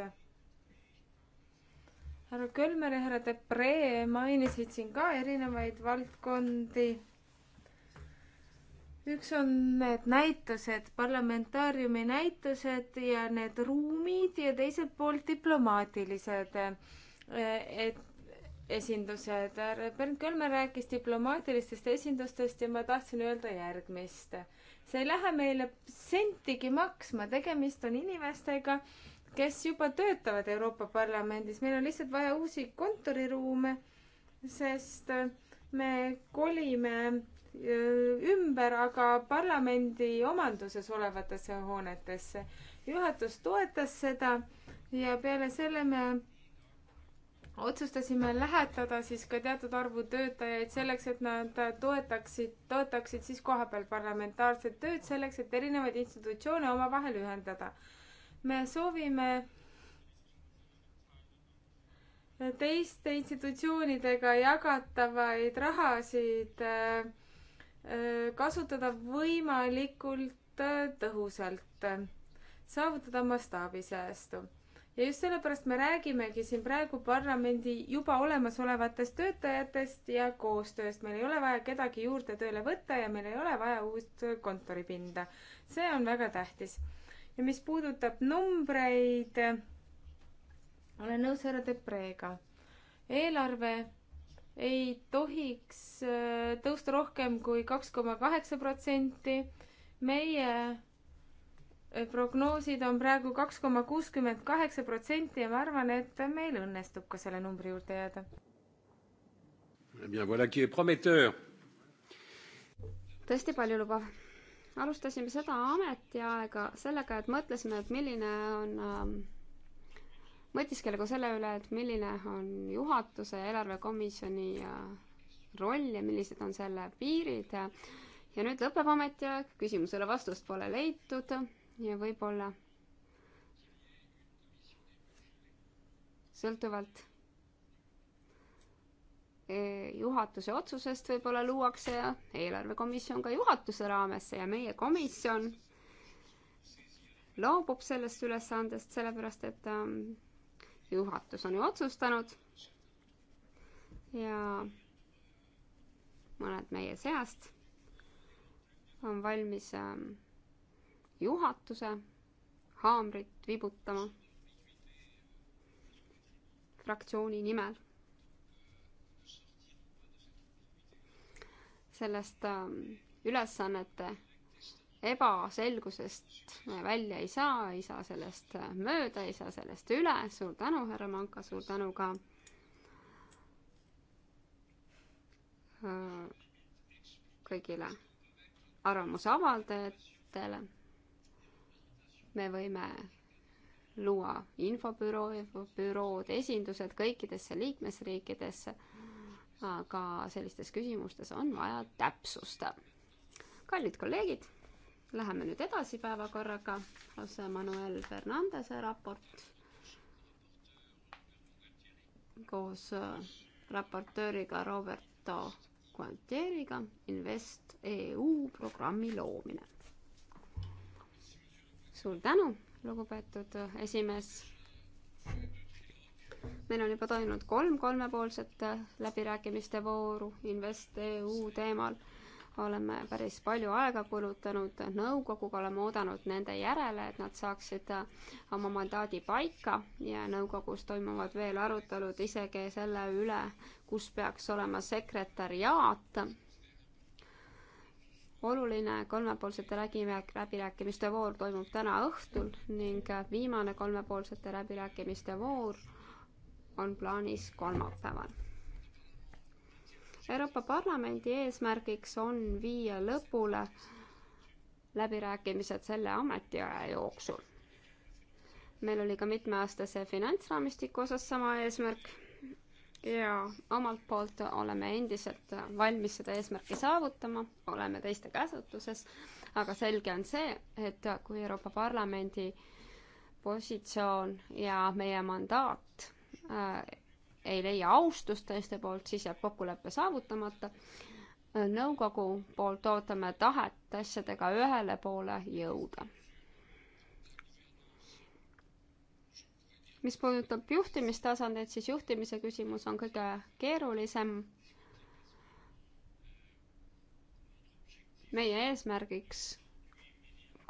härra Kölmer ja härra Depree mainisid siin ka erinevaid valdkondi. üks on need näitused, parlamentaariumi näitused ja need ruumid ja teiselt poolt diplomaatilised. Äh, et esindused. Bernd Kölmer rääkis diplomaatilistest esindustest ja ma tahtsin öelda järgmist. see ei lähe meile sentigi maksma, tegemist on inimestega, kes juba töötavad Euroopa Parlamendis, meil on lihtsalt vaja uusi kontoriruume, sest me kolime ümber, aga parlamendi omanduses olevatesse hoonetesse. juhatus toetas seda ja peale selle me otsustasime lähetada siis ka teatud arvu töötajaid selleks, et nad toetaksid, toetaksid siis kohapeal parlamentaarset tööd selleks, et erinevaid institutsioone omavahel ühendada. me soovime teiste institutsioonidega jagatavaid rahasid äh, äh, kasutada võimalikult äh, tõhusalt, saavutada mastaabisäästu ja just sellepärast me räägimegi siin praegu parlamendi juba olemasolevatest töötajatest ja koostööst. meil ei ole vaja kedagi juurde tööle võtta ja meil ei ole vaja uut kontoripinda. see on väga tähtis. ja mis puudutab numbreid, olen nõus härra Depreega. eelarve ei tohiks äh, tõusta rohkem kui kaks koma kaheksa protsenti. meie Eh, prognoosid on praegu kaks koma kuuskümmend kaheksa protsenti ja ma arvan, et meil õnnestub ka selle numbri juurde jääda. Eh tõesti paljulubav. alustasime seda ametiaega sellega, et mõtlesime, et milline on ähm, mõtiskleda ka selle üle, et milline on juhatuse ja eelarvekomisjoni äh, roll ja millised on selle piirid. ja nüüd lõpeb ametiaeg, küsimusele vastust pole leitud ja võib-olla sõltuvalt e, juhatuse otsusest võib-olla luuakse eelarvekomisjon ka juhatuse raamesse ja meie komisjon loobub sellest ülesandest, sellepärast et ähm, juhatus on ju otsustanud ja mõned meie seast on valmis ähm, juhatuse haamrit vibutama fraktsiooni nimel. sellest ähm, ülesannete ebaselgusest me välja ei saa, ei saa sellest äh, mööda, ei saa sellest üle. suur tänu, härra Manka, suur tänu ka äh, kõigile arvamuse avaldajatele me võime luua infobüroo, bürood, esindused kõikidesse liikmesriikidesse, aga sellistes küsimustes on vaja täpsust. kallid kolleegid, läheme nüüd edasi päevakorraga. Jose Manuel Fernandese raport koos äh, raportööriga Roberto Guantieriga Invest EU programmi loomine suur tänu, lugupeetud esimees. meil on juba toimunud kolm kolmepoolset läbirääkimiste vooru InvestEU teemal. oleme päris palju aega kulutanud nõukoguga, oleme oodanud nende järele, et nad saaksid oma mandaadi paika ja nõukogus toimuvad veel arutelud isegi selle üle, kus peaks olema sekretäriaat oluline kolmepoolsete läbirääkimiste voor toimub täna õhtul ning viimane kolmepoolsete läbirääkimiste voor on plaanis kolmapäeval. Euroopa Parlamendi eesmärgiks on viia lõpule läbirääkimised selle ametiaja jooksul. meil oli ka mitmeaastase finantsraamistiku osas sama eesmärk ja omalt poolt oleme endiselt valmis seda eesmärki saavutama, oleme teiste käsutuses, aga selge on see, et kui Euroopa Parlamendi positsioon ja meie mandaat äh, ei leia austust teiste poolt, siis jääb kokkulepe saavutamata. nõukogu poolt ootame tahet asjadega ühele poole jõuda mis puudutab juhtimistasandit, siis juhtimise küsimus on kõige keerulisem. meie eesmärgiks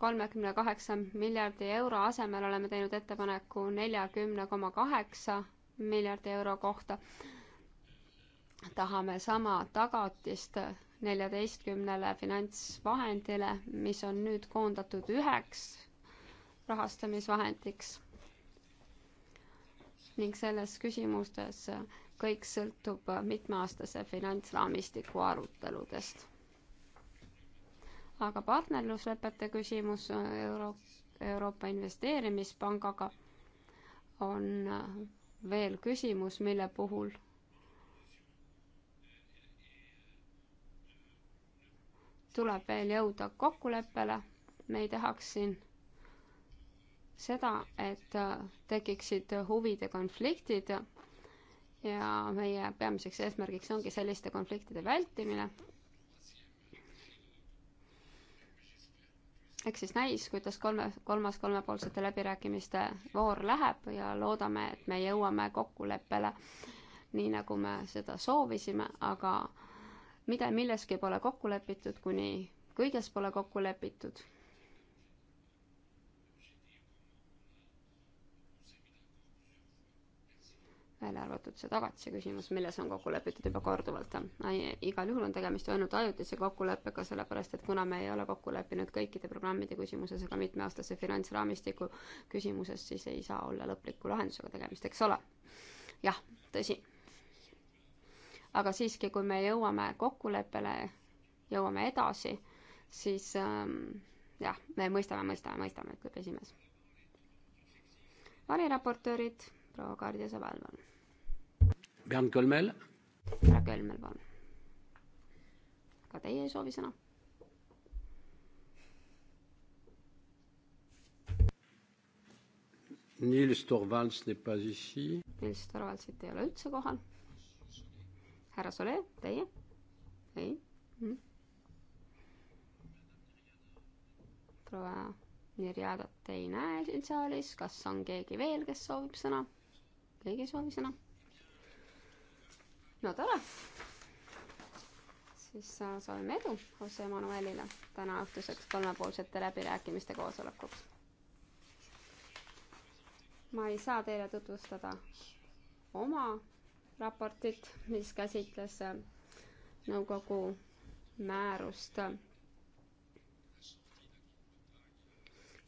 kolmekümne kaheksa miljardi euro asemel oleme teinud ettepaneku neljakümne koma kaheksa miljardi euro kohta. tahame sama tagatist neljateistkümnele finantsvahendile, mis on nüüd koondatud üheks rahastamisvahendiks ning selles küsimustes kõik sõltub mitmeaastase finantsraamistiku aruteludest. aga partnerluslepete küsimus Euro-, Euroopa Investeerimispangaga on veel küsimus, mille puhul tuleb veel jõuda kokkuleppele, me ei tahaks siin seda, et äh, tekiksid huvide konfliktid ja meie peamiseks eesmärgiks ongi selliste konfliktide vältimine. eks siis näis, kuidas kolme, kolmas kolmepoolsete läbirääkimiste voor läheb ja loodame, et me jõuame kokkuleppele nii, nagu me seda soovisime, aga mida, milleski pole kokku lepitud, kuni kõiges pole kokku lepitud välja arvatud see tagatise küsimus, milles on kokku lepitud juba korduvalt. igal juhul on tegemist ainult ajutise kokkuleppega, sellepärast et kuna me ei ole kokku leppinud kõikide programmide küsimuses ega mitmeaastase finantsraamistiku küsimuses, siis ei saa olla lõpliku lahendusega tegemist, eks ole. jah, tõsi. aga siiski, kui me jõuame kokkuleppele, jõuame edasi, siis ähm, jah, me mõistame, mõistame, mõistame, ütleb esimees. variraportöörid proua Kardiase valvel Bernd Kölmel. härra Kölmel, palun. ka teie ei soovi sõna? Nils Torvalds n'est pas ici. Nils Torvaldsit ei ole üldse kohal. härra Sole, teie? ei mm.? proua Mirjadat ei näe siin saalis, kas on keegi veel, kes soovib sõna? keegi ei soovi sõna? no tore! siis äh, soovime edu Jose Manuelile tänaõhtuseks kolmepoolsete läbirääkimiste koosolekuks. ma ei saa teile tutvustada oma raportit, mis käsitles äh, nõukogu määrust äh,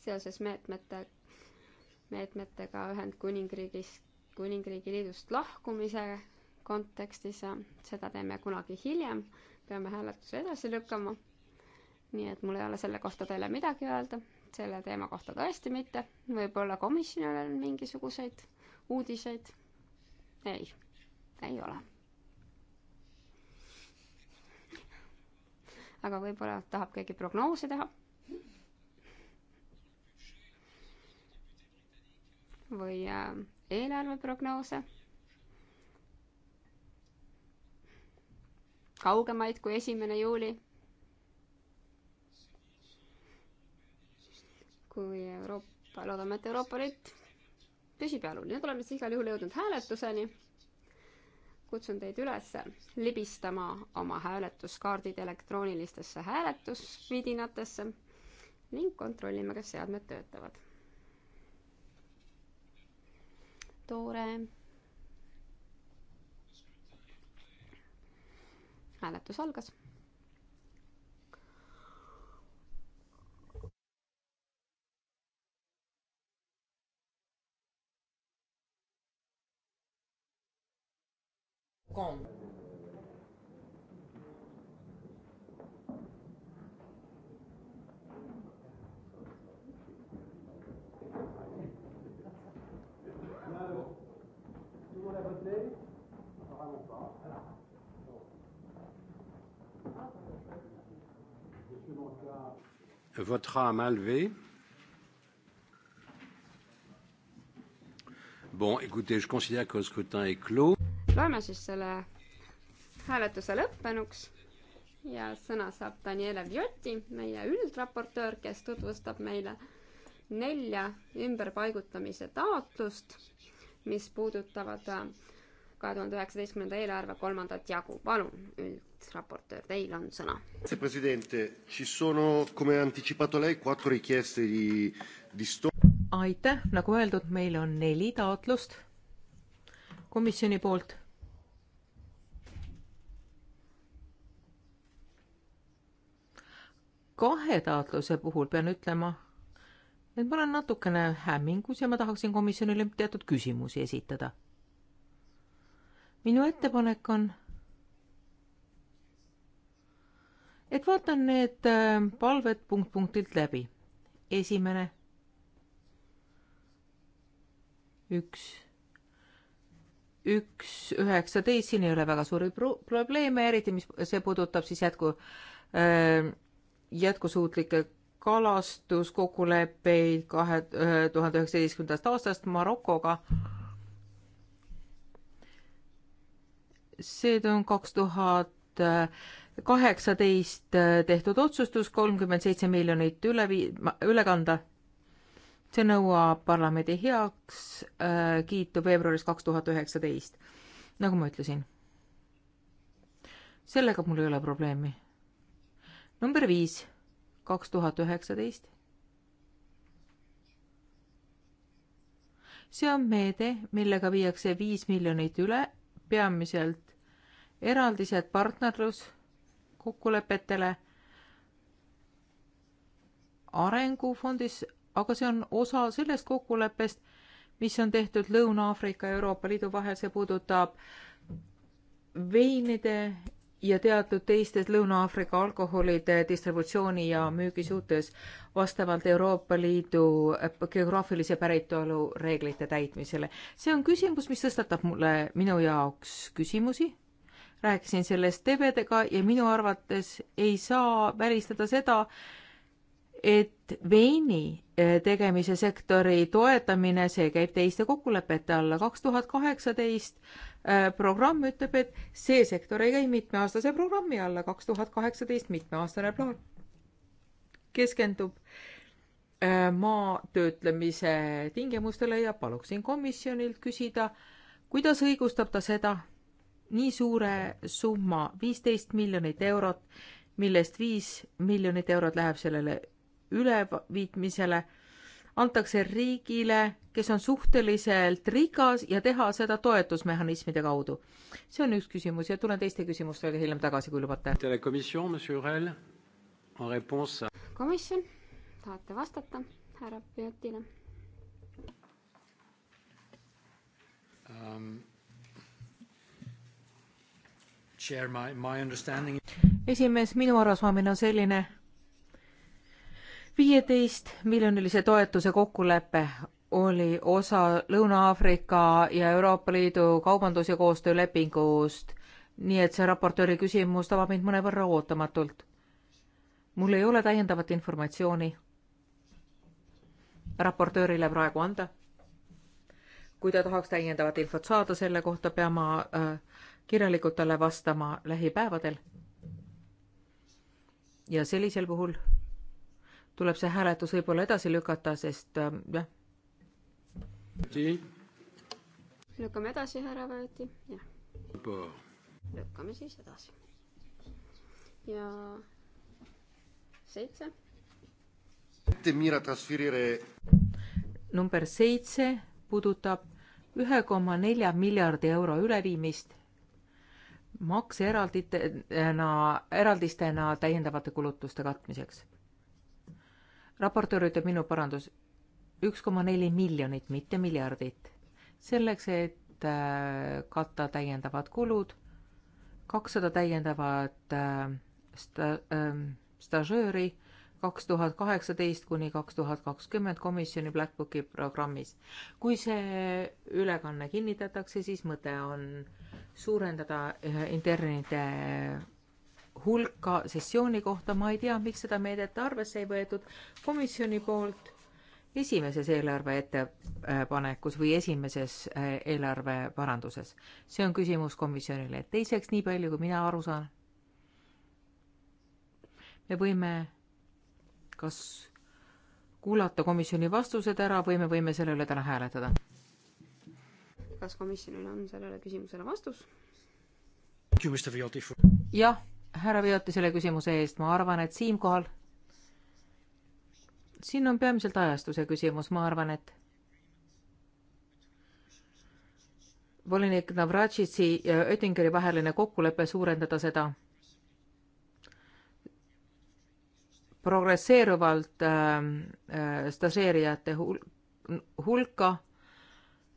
seoses meetmete, meetmetega Ühendkuningriigis, Kuningriigi Liidust lahkumise kontekstis, seda teeme kunagi hiljem, peame hääletuse edasi lükkama. nii et mul ei ole selle kohta teile midagi öelda, selle teema kohta tõesti mitte, võib-olla komisjonil on mingisuguseid uudiseid? ei, ei ole. aga võib-olla tahab keegi prognoose teha? või äh, eelarveprognoose? kaugemaid kui esimene juuli. kui Euroopa, loodame, et Euroopa Liit püsib jalul. nüüd oleme siis igal juhul jõudnud hääletuseni. kutsun teid üles libistama oma hääletuskaardid elektroonilistesse hääletusvidinatesse ning kontrollime, kas seadmed töötavad. tore hääletus algas. com votera à main levée. Bon, écoutez, je considère que le scrutin est clos. loeme siis selle hääletuse lõppenuks ja sõna saab Daniele Viotti, meie üldraportöör, kes tutvustab meile nelja ümberpaigutamise taotlust, mis puudutavad kahe tuhande üheksateistkümnenda eelarve kolmandat jagu. palun, üldraportöör, teil on sõna. aitäh, nagu öeldud, meil on neli taotlust komisjoni poolt. kahe taotluse puhul pean ütlema, et ma olen natukene hämmingus ja ma tahaksin komisjonile teatud küsimusi esitada minu ettepanek on, et vaatan need äh, palved punkt punktilt läbi. esimene, üks, üks üheksateist, siin ei ole väga suuri pro probleeme, eriti mis see puudutab siis jätku äh,, jätkusuutlikke kalastuskokkuleppeid kahe äh, tuhande üheksateistkümnendast aastast Marokoga äh, see on kaks tuhat kaheksateist tehtud otsustus, kolmkümmend seitse miljonit üle vii-, üle kanda. see nõuab parlamendi heakskiitu äh, veebruaris kaks tuhat üheksateist, nagu ma ütlesin. sellega mul ei ole probleemi. number viis, kaks tuhat üheksateist. see on meede, millega viiakse viis miljonit üle peamiselt eraldised partnerluskokkulepetele arengufondis, aga see on osa sellest kokkuleppest, mis on tehtud Lõuna-Aafrika ja Euroopa Liidu vahel, see puudutab veinide ja teatud teistes Lõuna-Aafrika alkoholide distributsiooni ja müügi suhtes vastavalt Euroopa Liidu geograafilise päritolu reeglite täitmisele. see on küsimus, mis tõstatab mulle, minu jaoks küsimusi. rääkisin sellest Tebedega ja minu arvates ei saa välistada seda, et veini eh, tegemise sektori toetamine, see käib teiste kokkulepete alla. kaks tuhat kaheksateist eh, programm ütleb, et see sektor ei käi mitmeaastase programmi alla, kaks tuhat kaheksateist mitmeaastane plaan keskendub eh, maa töötlemise tingimustele ja paluksin komisjonilt küsida, kuidas õigustab ta seda nii suure summa, viisteist miljonit eurot, millest viis miljonit eurot läheb sellele üleviitmisele antakse riigile, kes on suhteliselt rikas ja teha seda toetusmehhanismide kaudu? see on üks küsimus ja tulen teiste küsimustega hiljem tagasi, kui lubate. komisjon, tahate vastata härra Piotile um,? esimees, minu arusaamine on selline viieteist miljonilise toetuse kokkulepe oli osa Lõuna-Aafrika ja Euroopa Liidu kaubandus- ja koostöölepingust, nii et see raportööri küsimus tabab mind mõnevõrra ootamatult. mul ei ole täiendavat informatsiooni raportöörile praegu anda. kui ta tahaks täiendavat infot saada selle kohta, pean ma äh, kirjalikult talle vastama lähipäevadel. ja sellisel puhul tuleb see hääletus võib-olla edasi lükata, sest äh, jah. lükkame edasi, härra Vaeti, jah. lükkame siis edasi. ja seitse. number seitse puudutab ühe koma nelja miljardi euro üleviimist makseeralditena, eraldistena täiendavate kulutuste katmiseks raportöör ütleb minu parandus, üks koma neli miljonit, mitte miljardit. selleks, et äh, katta täiendavad kulud, kakssada täiendavat äh, sta-, ähm, stažööri kaks tuhat kaheksateist kuni kaks tuhat kakskümmend komisjoni Black Booki programmis. kui see ülekanne kinnitatakse, siis mõte on suurendada äh, internide hulka sessiooni kohta, ma ei tea, miks seda meedet arvesse ei võetud komisjoni poolt esimeses eelarve ettepanekus või esimeses äh, eelarve paranduses. see on küsimus komisjonile. teiseks, nii palju kui mina aru saan, me võime kas kuulata komisjoni vastused ära või me võime selle üle täna hääletada. kas komisjonil on sellele küsimusele vastus? jah härra Vioti selle küsimuse eest, ma arvan, et siinkohal, siin on peamiselt ajastuse küsimus, ma arvan, et volinik Navratšitsi ja Oettingeri vaheline kokkulepe suurendada seda progresseeruvalt ähm, äh, äh, stažeerijate hul hulka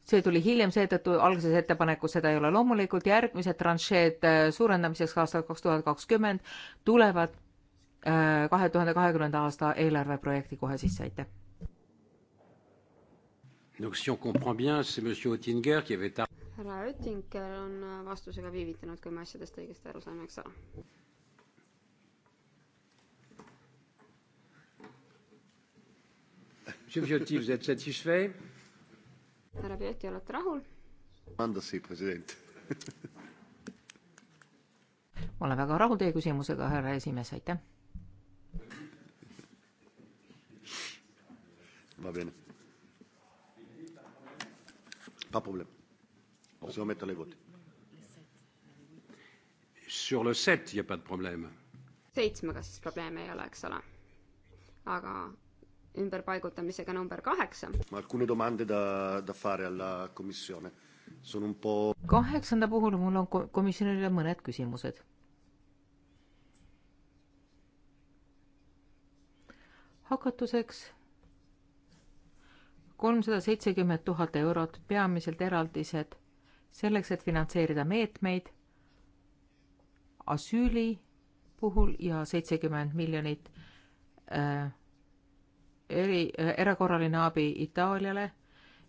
see tuli hiljem, seetõttu algses ettepanekus seda ei ole. loomulikult järgmised tranšeed äh, suurendamiseks aastal kaks tuhat kakskümmend tulevad äh, kahe tuhande kahekümnenda aasta eelarveprojekti kohe sisse, aitäh. härra Oettinger on äh, vastusega viivitanud, kui me asjadest õigesti aru saime, eks ole? Monsieur Viotti, vous êtes satisfait? härra Vjeti, olete rahul? Andasi, president ma olen väga rahul teie küsimusega, härra esimees, aitäh. Va bene. Pas problème. Se remettre les votes. Sur le 7, il n'y a pas de problème. seitsmega siis probleeme ei ole, eks ole. aga ümberpaigutamisega number kaheksa. kaheksanda puhul mul on komisjonile mõned küsimused. hakatuseks kolmsada seitsekümmend tuhat eurot, peamiselt eraldised selleks, et finantseerida meetmeid asüüli puhul ja seitsekümmend miljonit äh, eri, erakorraline abi Itaaliale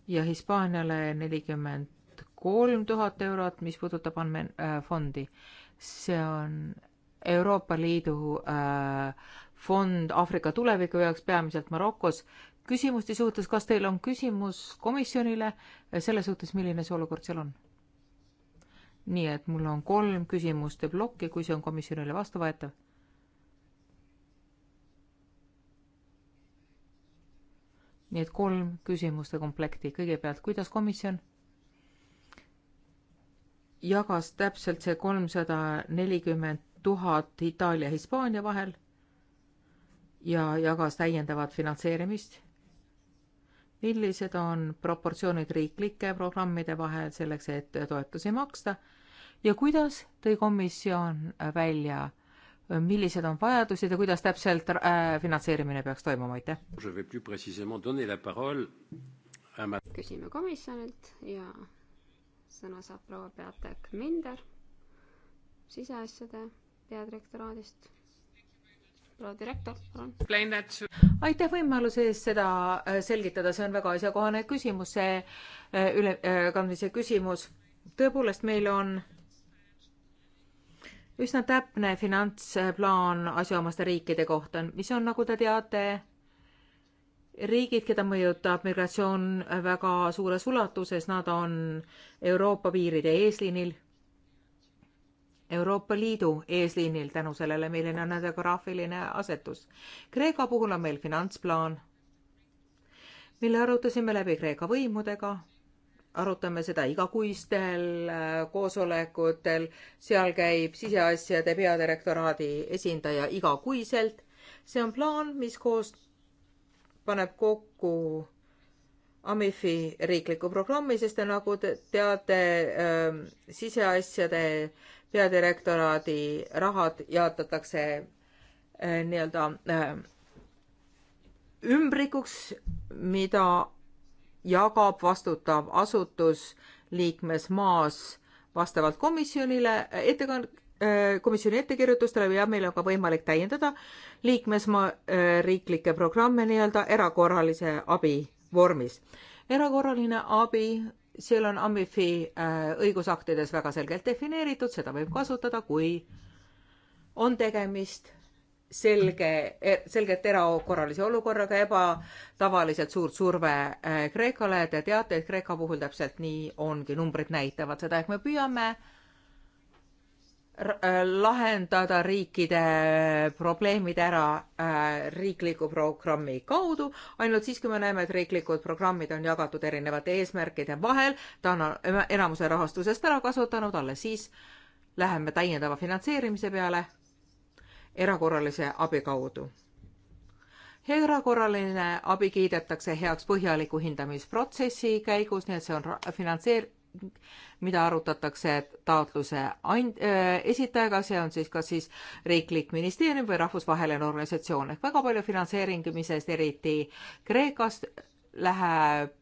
ja Hispaaniale nelikümmend kolm tuhat eurot, mis puudutab andmefondi. Äh, see on Euroopa Liidu äh, fond Aafrika tuleviku jaoks peamiselt Marokos. küsimuste suhtes, kas teil on küsimus komisjonile äh, selle suhtes, milline see olukord seal on? nii et mul on kolm küsimuste plokki, kui see on komisjonile vastuvõetav nii et kolm küsimuste komplekti. kõigepealt, kuidas komisjon jagas täpselt see kolmsada nelikümmend tuhat Itaalia, Hispaania vahel ja jagas täiendavat finantseerimist. millised on proportsioonid riiklike programmide vahel selleks, et toetusi maksta ja kuidas tõi komisjon välja millised on vajadused ja kuidas täpselt äh, finantseerimine peaks toimuma, aitäh! küsime komisjonilt ja sõna saab proua Beatek Minder siseasjade peadirektoraadist direktor, palun. aitäh võimaluse eest seda äh, selgitada, see on väga asjakohane küsimus, see äh, ülekandmise äh, küsimus. tõepoolest, meil on üsna täpne finantsplaan asjaomaste riikide kohta, mis on, nagu te teate, riigid, keda mõjutab migratsioon väga suures ulatuses, nad on Euroopa piiride eesliinil, Euroopa Liidu eesliinil tänu sellele, milline on nende graafiline asetus. Kreeka puhul on meil finantsplaan, mille arutasime läbi Kreeka võimudega arutame seda igakuistel äh, koosolekutel, seal käib siseasjade peadirektoraadi esindaja igakuiselt. see on plaan, mis koos paneb kokku AMIF-i riikliku programmi, sest nagu te teate, ähm, siseasjade peadirektoraadi rahad jaotatakse äh, nii-öelda äh, ümbrikuks, mida jagab vastutav asutus liikmesmaas vastavalt komisjonile äh, ettekan-, äh, komisjoni ettekirjutustele ja meil on ka võimalik täiendada liikmesmaa äh, riiklikke programme nii-öelda erakorralise abi vormis. erakorraline abi, seal on Ambifi õigusaktides väga selgelt defineeritud, seda võib kasutada, kui on tegemist selge, selgelt erakorralise olukorraga, ebatavaliselt suurt surve äh, Kreekale. Te teate, et Kreeka puhul täpselt nii ongi, numbrid näitavad seda, et me püüame äh, lahendada riikide probleemid ära äh, riikliku programmi kaudu, ainult siis, kui me näeme, et riiklikud programmid on jagatud erinevate eesmärkide vahel, ta on enamuse rahastusest ära kasutanud, alles siis läheme täiendava finantseerimise peale erakorralise abi kaudu. erakorraline abi kiidetakse heaks põhjaliku hindamisprotsessi käigus, nii et see on finantseer-, mida arutatakse taotluse and-, äh, esitajaga, see on siis kas siis riiklik ministeerium või rahvusvaheline organisatsioon, ehk väga palju finantseeringimisest, eriti Kreekast, läheb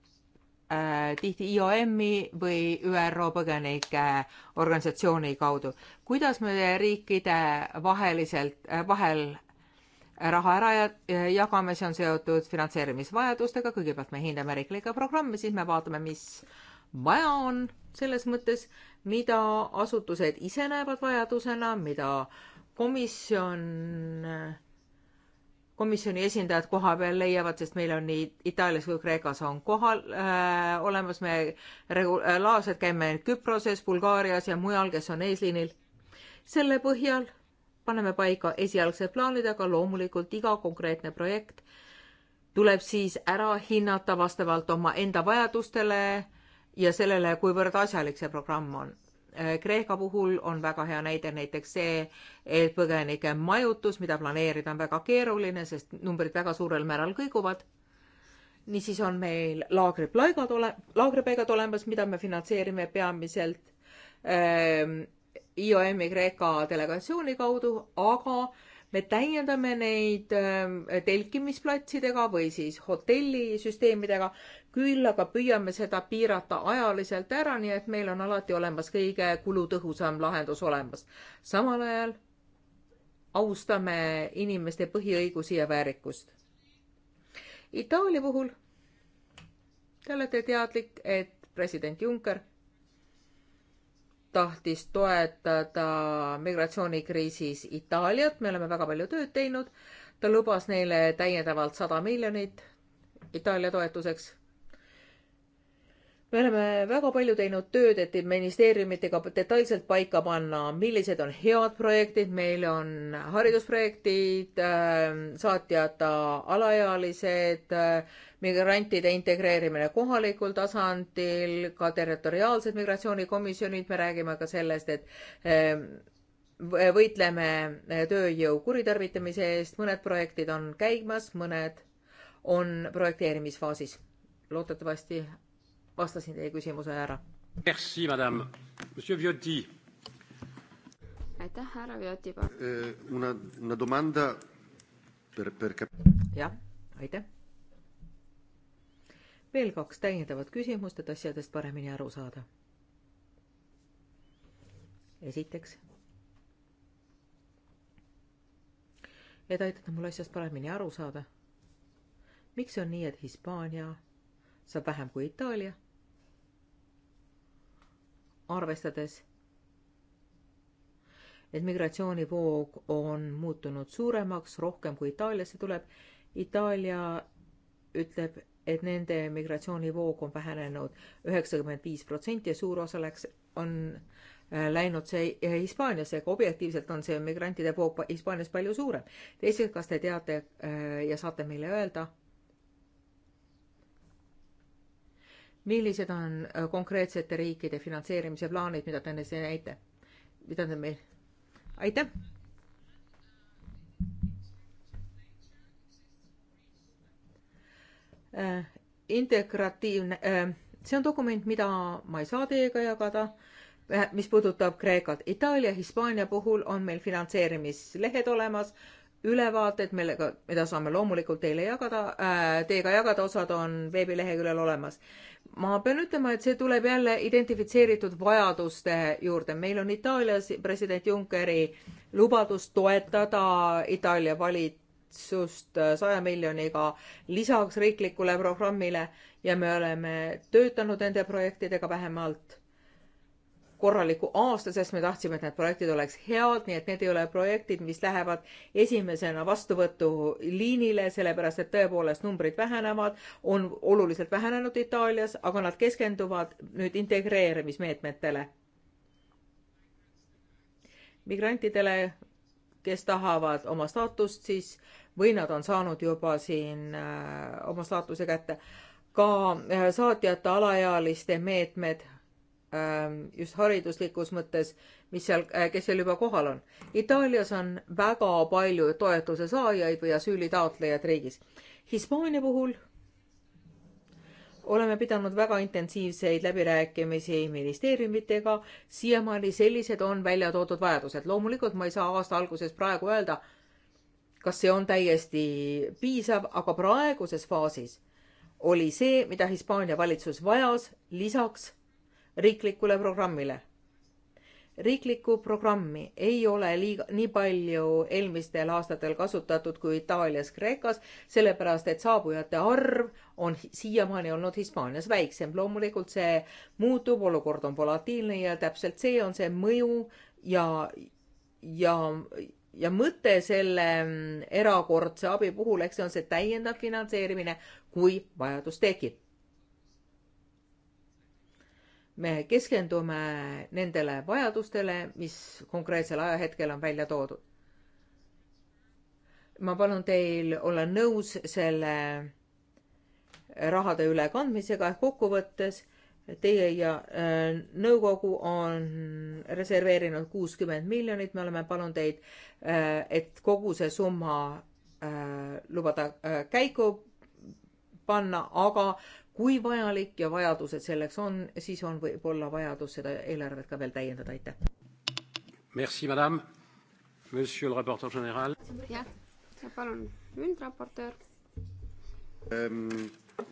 Äh, tihti IOM-i või ÜRO põgenike organisatsiooni kaudu. kuidas me riikide vaheliselt, äh, vahel raha ära jagame, see on seotud finantseerimisvajadustega, kõigepealt me hindame riiklikke programme, siis me vaatame, mis vaja on selles mõttes, mida asutused ise näevad vajadusena, mida komisjon komisjoni esindajad koha peal leiavad, sest meil on nii Itaalias kui Kreekas on kohal äh, olemas, me regulaarselt äh, käime Küproses, Bulgaarias ja mujal, kes on eesliinil. selle põhjal paneme paika esialgsed plaanid, aga loomulikult iga konkreetne projekt tuleb siis ära hinnata vastavalt omaenda vajadustele ja sellele, kuivõrd asjalik see programm on. Äh, Kreeka puhul on väga hea näide näiteks see, et põgenike majutus, mida planeerida on väga keeruline, sest numbrid väga suurel määral kõiguvad. niisiis on meil laagripaigad ole-, laagripaigad olemas, mida me finantseerime peamiselt ähm, IOM-i Kreeka delegatsiooni kaudu, aga me täiendame neid ähm, telkimisplatsidega või siis hotellisüsteemidega, küll aga püüame seda piirata ajaliselt ära, nii et meil on alati olemas kõige kulutõhusam lahendus olemas. samal ajal austame inimeste põhiõigusi ja väärikust. Itaalia puhul te olete teadlik, et president Juncker tahtis toetada migratsioonikriisis Itaaliat, me oleme väga palju tööd teinud, ta lubas neile täiendavalt sada miljonit Itaalia toetuseks me oleme väga palju teinud tööd, et ministeeriumitega detailselt paika panna, millised on head projektid, meil on haridusprojektid, ähm, saatjata alaealised, äh, migrantide integreerimine kohalikul tasandil, ka territoriaalsed migratsioonikomisjonid, me räägime ka sellest, et ähm, võitleme äh, tööjõu kuritarvitamise eest, mõned projektid on käimas, mõned on projekteerimisfaasis. loodetavasti vastasin teie küsimusele ära. Merci, madame. Monsieur Viotti. aitäh, härra Viotti. Eh, una, una domanda per, per cap-. jah, aitäh. veel kaks täiendavat küsimust, et asjadest paremini aru saada. esiteks et aidata mul asjast paremini aru saada. miks on nii, et Hispaania saab vähem kui Itaalia arvestades, et migratsioonivoog on muutunud suuremaks, rohkem kui Itaaliasse tuleb. Itaalia ütleb, et nende migratsioonivoog on vähenenud üheksakümmend viis protsenti ja suur osa läks, on äh, läinud see äh, Hispaaniasse, aga objektiivselt on see migrantide voog Hispaanias palju suurem. teiseks, kas te teate äh, ja saate meile öelda, millised on äh, konkreetsete riikide finantseerimise plaanid, mida te enne siin näite, mida te meil, aitäh. Äh, integratiivne, äh, see on dokument, mida ma ei saa teiega jagada, mis puudutab Kreekat. Itaalia, Hispaania puhul on meil finantseerimislehed olemas, ülevaated, millega, mida saame loomulikult teile jagada, teiega jagada, osad on veebileheküljel olemas ma pean ütlema, et see tuleb jälle identifitseeritud vajaduste juurde. meil on Itaalias president Junckeri lubadus toetada Itaalia valitsust saja miljoniga lisaks riiklikule programmile ja me oleme töötanud nende projektidega vähemalt korraliku aasta, sest me tahtsime, et need projektid oleks head, nii et need ei ole projektid, mis lähevad esimesena vastuvõtuliinile, sellepärast et tõepoolest numbrid vähenevad, on oluliselt vähenenud Itaalias, aga nad keskenduvad nüüd integreerimismeetmetele. migrantidele, kes tahavad oma staatust siis või nad on saanud juba siin äh, oma staatuse kätte ka äh, saatjate alaealiste meetmed Ähm, just hariduslikus mõttes, mis seal, äh, kes seal juba kohal on. Itaalias on väga palju toetuse saajaid või asüülitaotlejaid riigis. Hispaania puhul oleme pidanud väga intensiivseid läbirääkimisi ministeeriumitega, siiamaani sellised on välja toodud vajadused. loomulikult ma ei saa aasta alguses praegu öelda, kas see on täiesti piisav, aga praeguses faasis oli see, mida Hispaania valitsus vajas, lisaks riiklikule programmile. riiklikku programmi ei ole liiga, nii palju eelmistel aastatel kasutatud kui Itaalias, Kreekas, sellepärast et saabujate arv on siiamaani olnud Hispaanias väiksem. loomulikult see muutub, olukord on volatiilne ja täpselt see on see mõju ja, ja ja mõte selle mm, erakordse abi puhul, eks see on see täiendav finantseerimine, kui vajadus tekib me keskendume nendele vajadustele, mis konkreetsel ajahetkel on välja toodud. ma palun teil olla nõus selle rahade ülekandmisega ehk kokkuvõttes teie ja äh, nõukogu on reserveerinud kuuskümmend miljonit, me oleme palunud teid äh,, et kogu see summa äh, lubada äh, käiku panna, aga kui vajalik ja vajadused selleks on, siis on võib-olla vajadus seda eelarvet ka veel täiendada, aitäh. Merci, madame. Monsieur le rapporteur général. jah, palun, üldraportöör um,.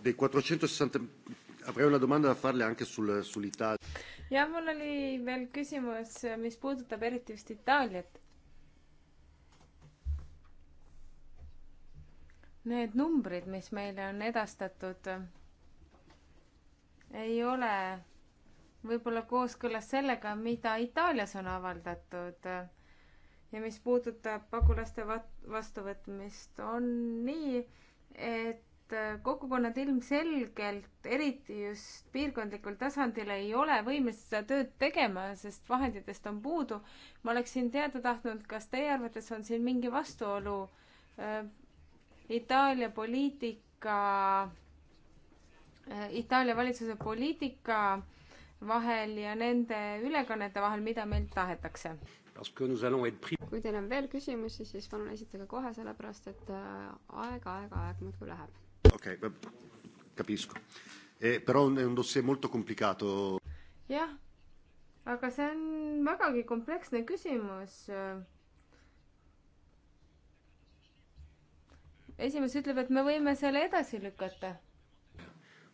Dei quattrocentosessanta 460 avrei una domanda da farle anche sul, sull'Italia. ja mul oli veel küsimus, mis puudutab eriti just Itaaliat. Need numbrid, mis meile on edastatud ei ole võib-olla kooskõlas sellega, mida Itaalias on avaldatud. ja mis puudutab pagulaste vastuvõtmist, on nii, et kogukonnad ilmselgelt, eriti just piirkondlikul tasandil, ei ole võimelised seda tööd tegema, sest vahenditest on puudu. ma oleksin teada tahtnud, kas teie arvates on siin mingi vastuolu äh, Itaalia poliitika Äh, Itaalia valitsuse poliitika vahel ja nende ülekannete vahel, mida meilt tahetakse. kui teil on veel küsimusi, siis palun esitage kohe, sellepärast et äh, aeg, aeg, aeg muudkui läheb. okei okay,, capisco eh,. Però on un dossier molto complicato. jah, aga see on vägagi kompleksne küsimus. esimees ütleb, et me võime selle edasi lükata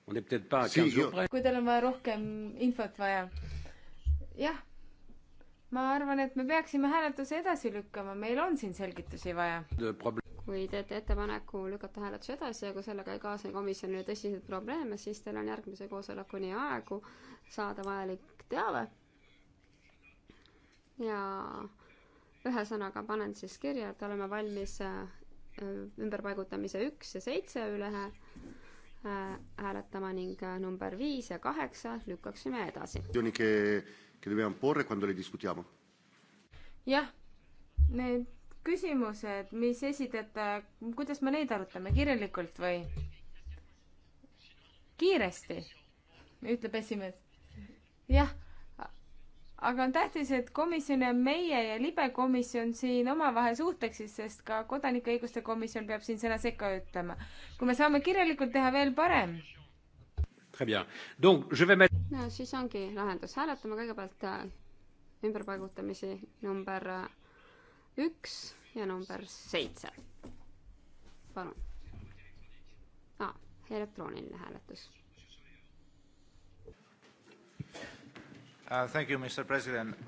kui teil on vaja rohkem infot vaja. jah, ma arvan, et me peaksime hääletuse edasi lükkama, meil on siin selgitusi vaja. kui teete ettepaneku lükata hääletus edasi ja kui sellega ei kaasne komisjonile tõsiseid probleeme, siis teil on järgmise koosolekuni aegu saada vajalik teave. ja ühesõnaga panen siis kirja, et oleme valmis äh, ümberpaigutamise üks ja seitse üle Äh, hääletama ning äh, number viis ja kaheksa lükkaksime edasi. jah, need küsimused, mis esitate, kuidas me neid arutame, kirjalikult või? kiiresti, ütleb esimees. jah aga on tähtis, et komisjon ja meie ja libekomisjon siin omavahel suhtleksid, sest ka kodanikuõiguste komisjon peab siin sõna sekka ütlema. kui me saame kirjalikult teha, veel parem. no siis ongi lahendus, hääletame kõigepealt äh, ümberpaigutamisi number äh, üks ja number seitse. palun ah,. elektrooniline hääletus Uh, you,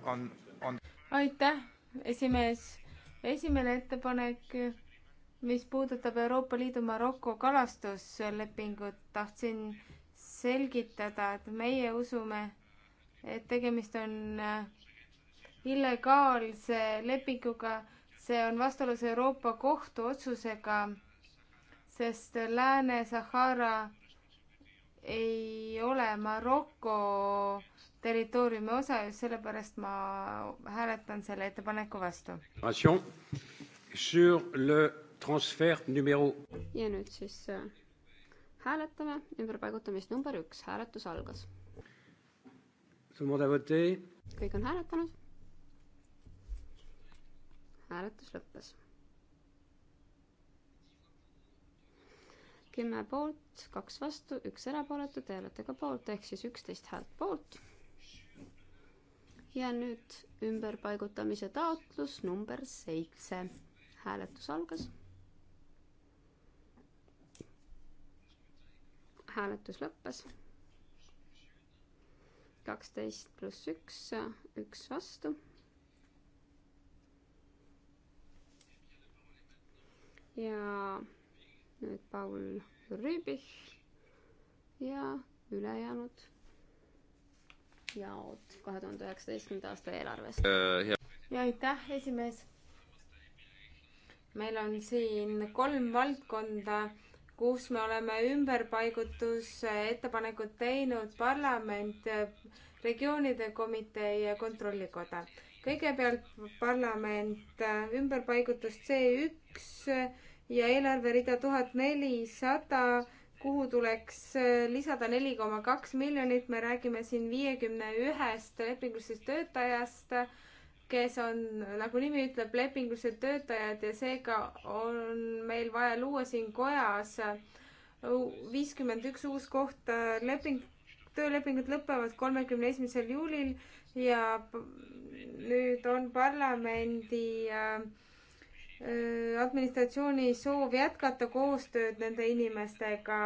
on, on... aitäh, esimees. esimene ettepanek, mis puudutab Euroopa Liidu Maroko kalastuslepingut, tahtsin selgitada, et meie usume, et tegemist on äh, illegaalse lepinguga, see on vastuolus Euroopa Kohtu otsusega, sest Lääne-Sahara ei ole Maroko territooriumi osa, just sellepärast ma hääletan selle ettepaneku vastu. ja nüüd siis äh, hääletame ümberpaigutamist number üks, hääletus algas. kõik on hääletanud. hääletus lõppes. kümme poolt, kaks vastu, üks erapooletu, te olete ka poolt, ehk siis üksteist häält poolt ja nüüd ümberpaigutamise taotlus number seitse. hääletus algas. hääletus lõppes. kaksteist pluss üks, üks vastu. ja nüüd Paul Rüübich ja ülejäänud jaod kahe tuhande üheksateistkümnenda aasta eelarvest äh,. ja aitäh, esimees. meil on siin kolm valdkonda, kus me oleme ümberpaigutuse ettepanekud teinud, parlament, regioonide komitee ja kontrollikoda. kõigepealt parlament äh, ümberpaigutus C üks ja eelarverida tuhat nelisada kuhu tuleks äh, lisada neli koma kaks miljonit, me räägime siin viiekümne ühest lepingulisest töötajast, kes on, nagu nimi ütleb, lepingulised töötajad ja seega on meil vaja luua siin kojas viiskümmend üks uus koht, leping, töölepingud lõpevad kolmekümne esimesel juulil ja nüüd on parlamendi äh, Äh, administratsiooni soov jätkata koostööd nende inimestega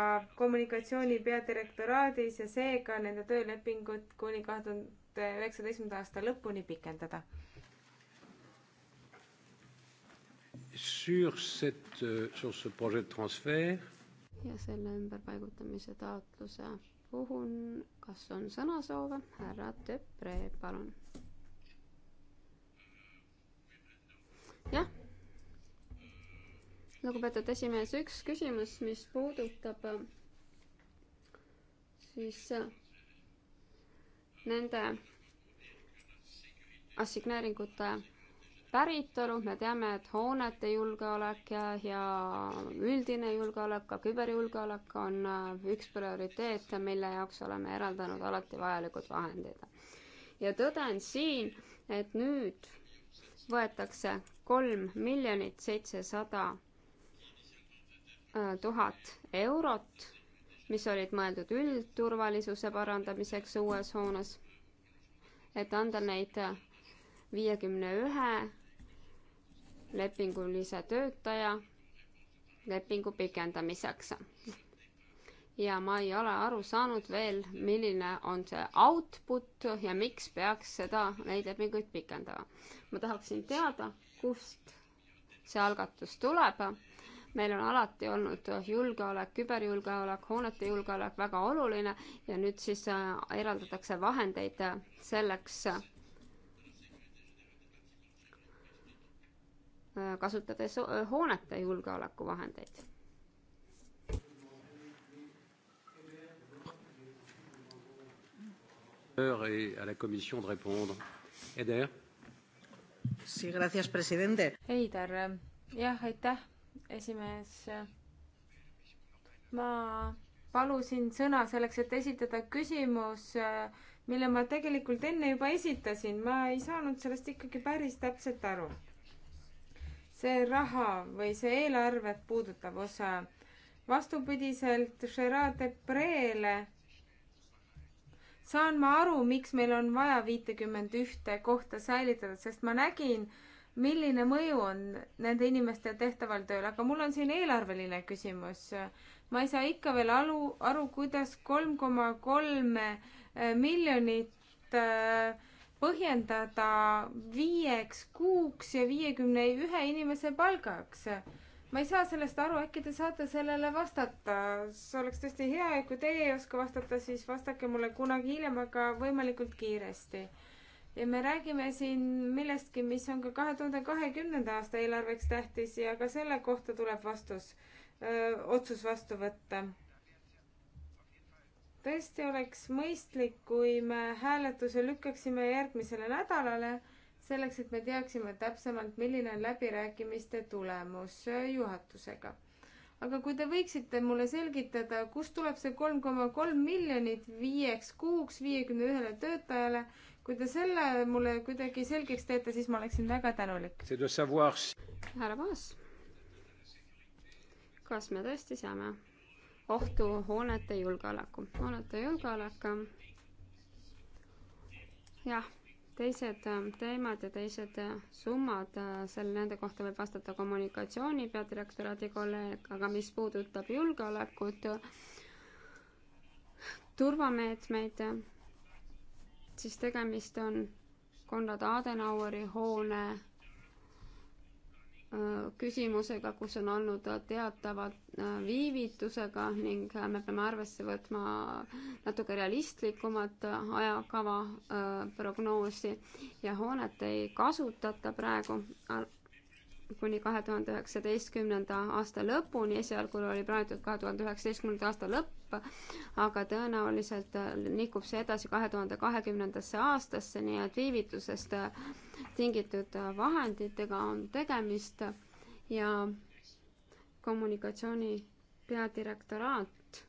kommunikatsiooni peadirektoraadis ja seega nende töölepingut kuni kahe tuhande üheksateistkümnenda aasta lõpuni pikendada. Sur cette, euh, sur ce projet de transfert. ja selle ümberpaigutamise taotluse puhul, kas on sõnasoove? härra Töpre, palun. jah lugupeetud esimees, üks küsimus, mis puudutab äh, siis äh, nende assigneeringute päritolu, me teame, et hoonete julgeolek ja, ja üldine julgeolek, ka küberjulgeolek on äh, üks prioriteet, mille jaoks oleme eraldanud alati vajalikud vahendid. ja tõden siin, et nüüd võetakse kolm miljonit seitsesada tuhat eurot, mis olid mõeldud üldturvalisuse parandamiseks uues hoones, et anda neid viiekümne ühe lepingulise töötaja lepingu pikendamiseks. ja ma ei ole aru saanud veel, milline on see output ja miks peaks seda, neid lepinguid pikendama. ma tahaksin teada, kust see algatus tuleb meil on alati olnud julgeolek, küberjulgeolek, hoonete julgeolek väga oluline ja nüüd siis äh, eraldatakse vahendeid äh, selleks, äh, kasutades hoonete julgeolekuvahendeid et à la Commission de répondre. Eder. Sí, gracias, presidente. Heider, jah, aitäh esimees. ma palusin sõna selleks, et esitada küsimus, mille ma tegelikult enne juba esitasin, ma ei saanud sellest ikkagi päris täpselt aru. see raha või see eelarvet puudutav osa, vastupidiselt Gerard Depreele saan ma aru, miks meil on vaja viitekümmend ühte kohta säilitada, sest ma nägin, milline mõju on nende inimeste tehtaval tööl, aga mul on siin eelarveline küsimus. ma ei saa ikka veel aru, aru, kuidas kolm koma kolm eh, miljonit eh, põhjendada viieks kuuks ja viiekümne ühe inimese palgaks. ma ei saa sellest aru, äkki te saate sellele vastata. see oleks tõesti hea ja kui teie ei oska vastata, siis vastake mulle kunagi hiljem, aga võimalikult kiiresti ja me räägime siin millestki, mis on ka kahe tuhande kahekümnenda aasta eelarveks tähtis ja ka selle kohta tuleb vastus, otsus vastu võtta. tõesti oleks mõistlik, kui me hääletuse lükkaksime järgmisele nädalale, selleks et me teaksime täpsemalt, milline on läbirääkimiste tulemus juhatusega aga kui te võiksite mulle selgitada, kust tuleb see kolm koma kolm miljonit viieks kuuks viiekümne ühele töötajale kui te selle mulle kuidagi selgeks teete, siis ma oleksin väga tänulik. härra Paas, kas me tõesti saame ohtu hoonete julgeoleku? hoonete julgeolek, jah, teised äh, teemad ja teised äh, summad, äh, selle, nende kohta võib vastata kommunikatsiooni peadirektoraadi kolleeg, aga mis puudutab julgeolekut, turvameetmeid siis tegemist on Konrad Adenaueri hoone küsimusega, kus on olnud teatava viivitusega ning äh, me peame arvesse võtma natuke realistlikumat ajakava prognoosi ja hoonet ei kasutata praegu kuni kahe tuhande üheksateistkümnenda aasta lõpuni, esialgu oli plaanitud kahe tuhande üheksateistkümnenda aasta lõpp, aga tõenäoliselt nihkub see edasi kahe tuhande kahekümnendasse aastasse, nii et viivitusest tingitud vahenditega on tegemist ja kommunikatsiooni peadirektoraat,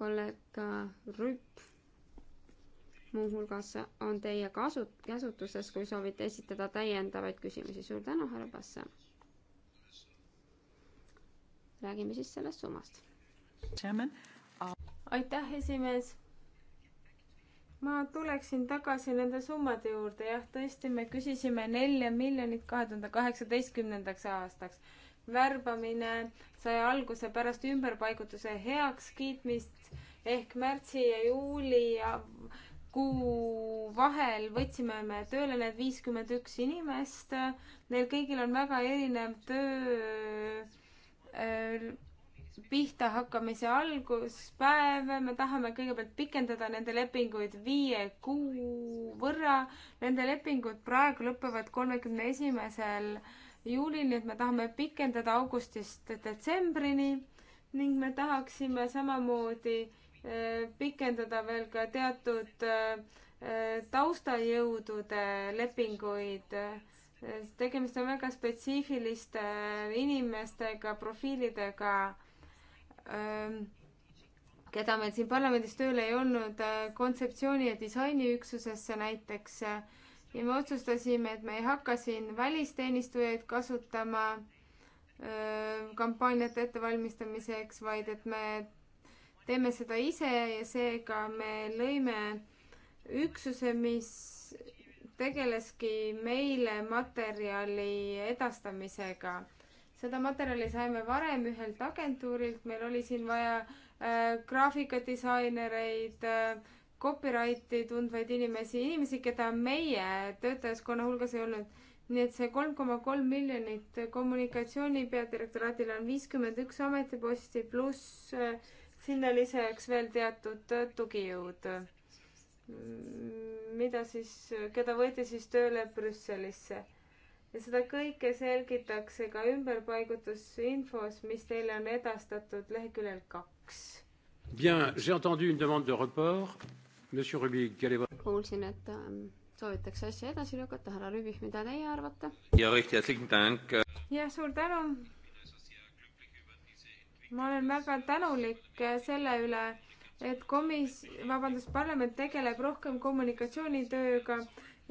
kolleeg Rüüp muuhulgas on teie kasu-, käsutuses, kui soovite esitada täiendavaid küsimusi. suur tänu, härra Passa. räägime siis sellest summast. Uh aitäh, esimees. ma tuleksin tagasi nende summade juurde, jah, tõesti, me küsisime nelja miljonit kahe tuhande kaheksateistkümnendaks aastaks. värbamine sai alguse pärast ümberpaigutuse heakskiitmist ehk märtsi ja juuli ja kuu vahel võtsime me tööle need viiskümmend üks inimest, neil kõigil on väga erinev töö äh, pihta hakkamise alguspäev, me tahame kõigepealt pikendada nende lepinguid viie kuu võrra. Nende lepingud praegu lõpevad kolmekümne esimesel juulil, nii et me tahame pikendada augustist detsembrini ning me tahaksime samamoodi pikendada veel ka teatud äh, taustajõudude lepinguid. tegemist on väga spetsiifiliste inimestega, profiilidega, ähm, keda meil siin parlamendis tööl ei olnud, äh, kontseptsiooni ja disainiüksusesse näiteks. ja me otsustasime, et me ei hakka siin välisteenistujaid kasutama äh, kampaaniate ettevalmistamiseks, vaid et me teeme seda ise ja seega me lõime üksuse, mis tegeleski meile materjali edastamisega. seda materjali saime varem ühelt agentuurilt, meil oli siin vaja äh, graafikadisainereid äh,, copyrighti tundvaid inimesi, inimesi, keda meie töötajaskonna hulgas ei olnud. nii et see kolm koma kolm miljonit kommunikatsiooni peadirektoraadil on viiskümmend üks ametiposti pluss äh, sinna lisaks veel teatud tugijõud, mida siis, keda võeti siis tööle Brüsselisse. ja seda kõike selgitakse ka ümberpaigutusinfos, mis teile on edastatud leheküljel kaks. Bien, j'ai entendu une demande de report. Monsieur Rubik, quelle est votre... kuulsin, et ähm, soovitakse asja edasi lükata, härra Rübih, mida teie arvate? jah, suur tänu ma olen väga tänulik selle üle, et komis-, vabandust, parlament tegeleb rohkem kommunikatsioonitööga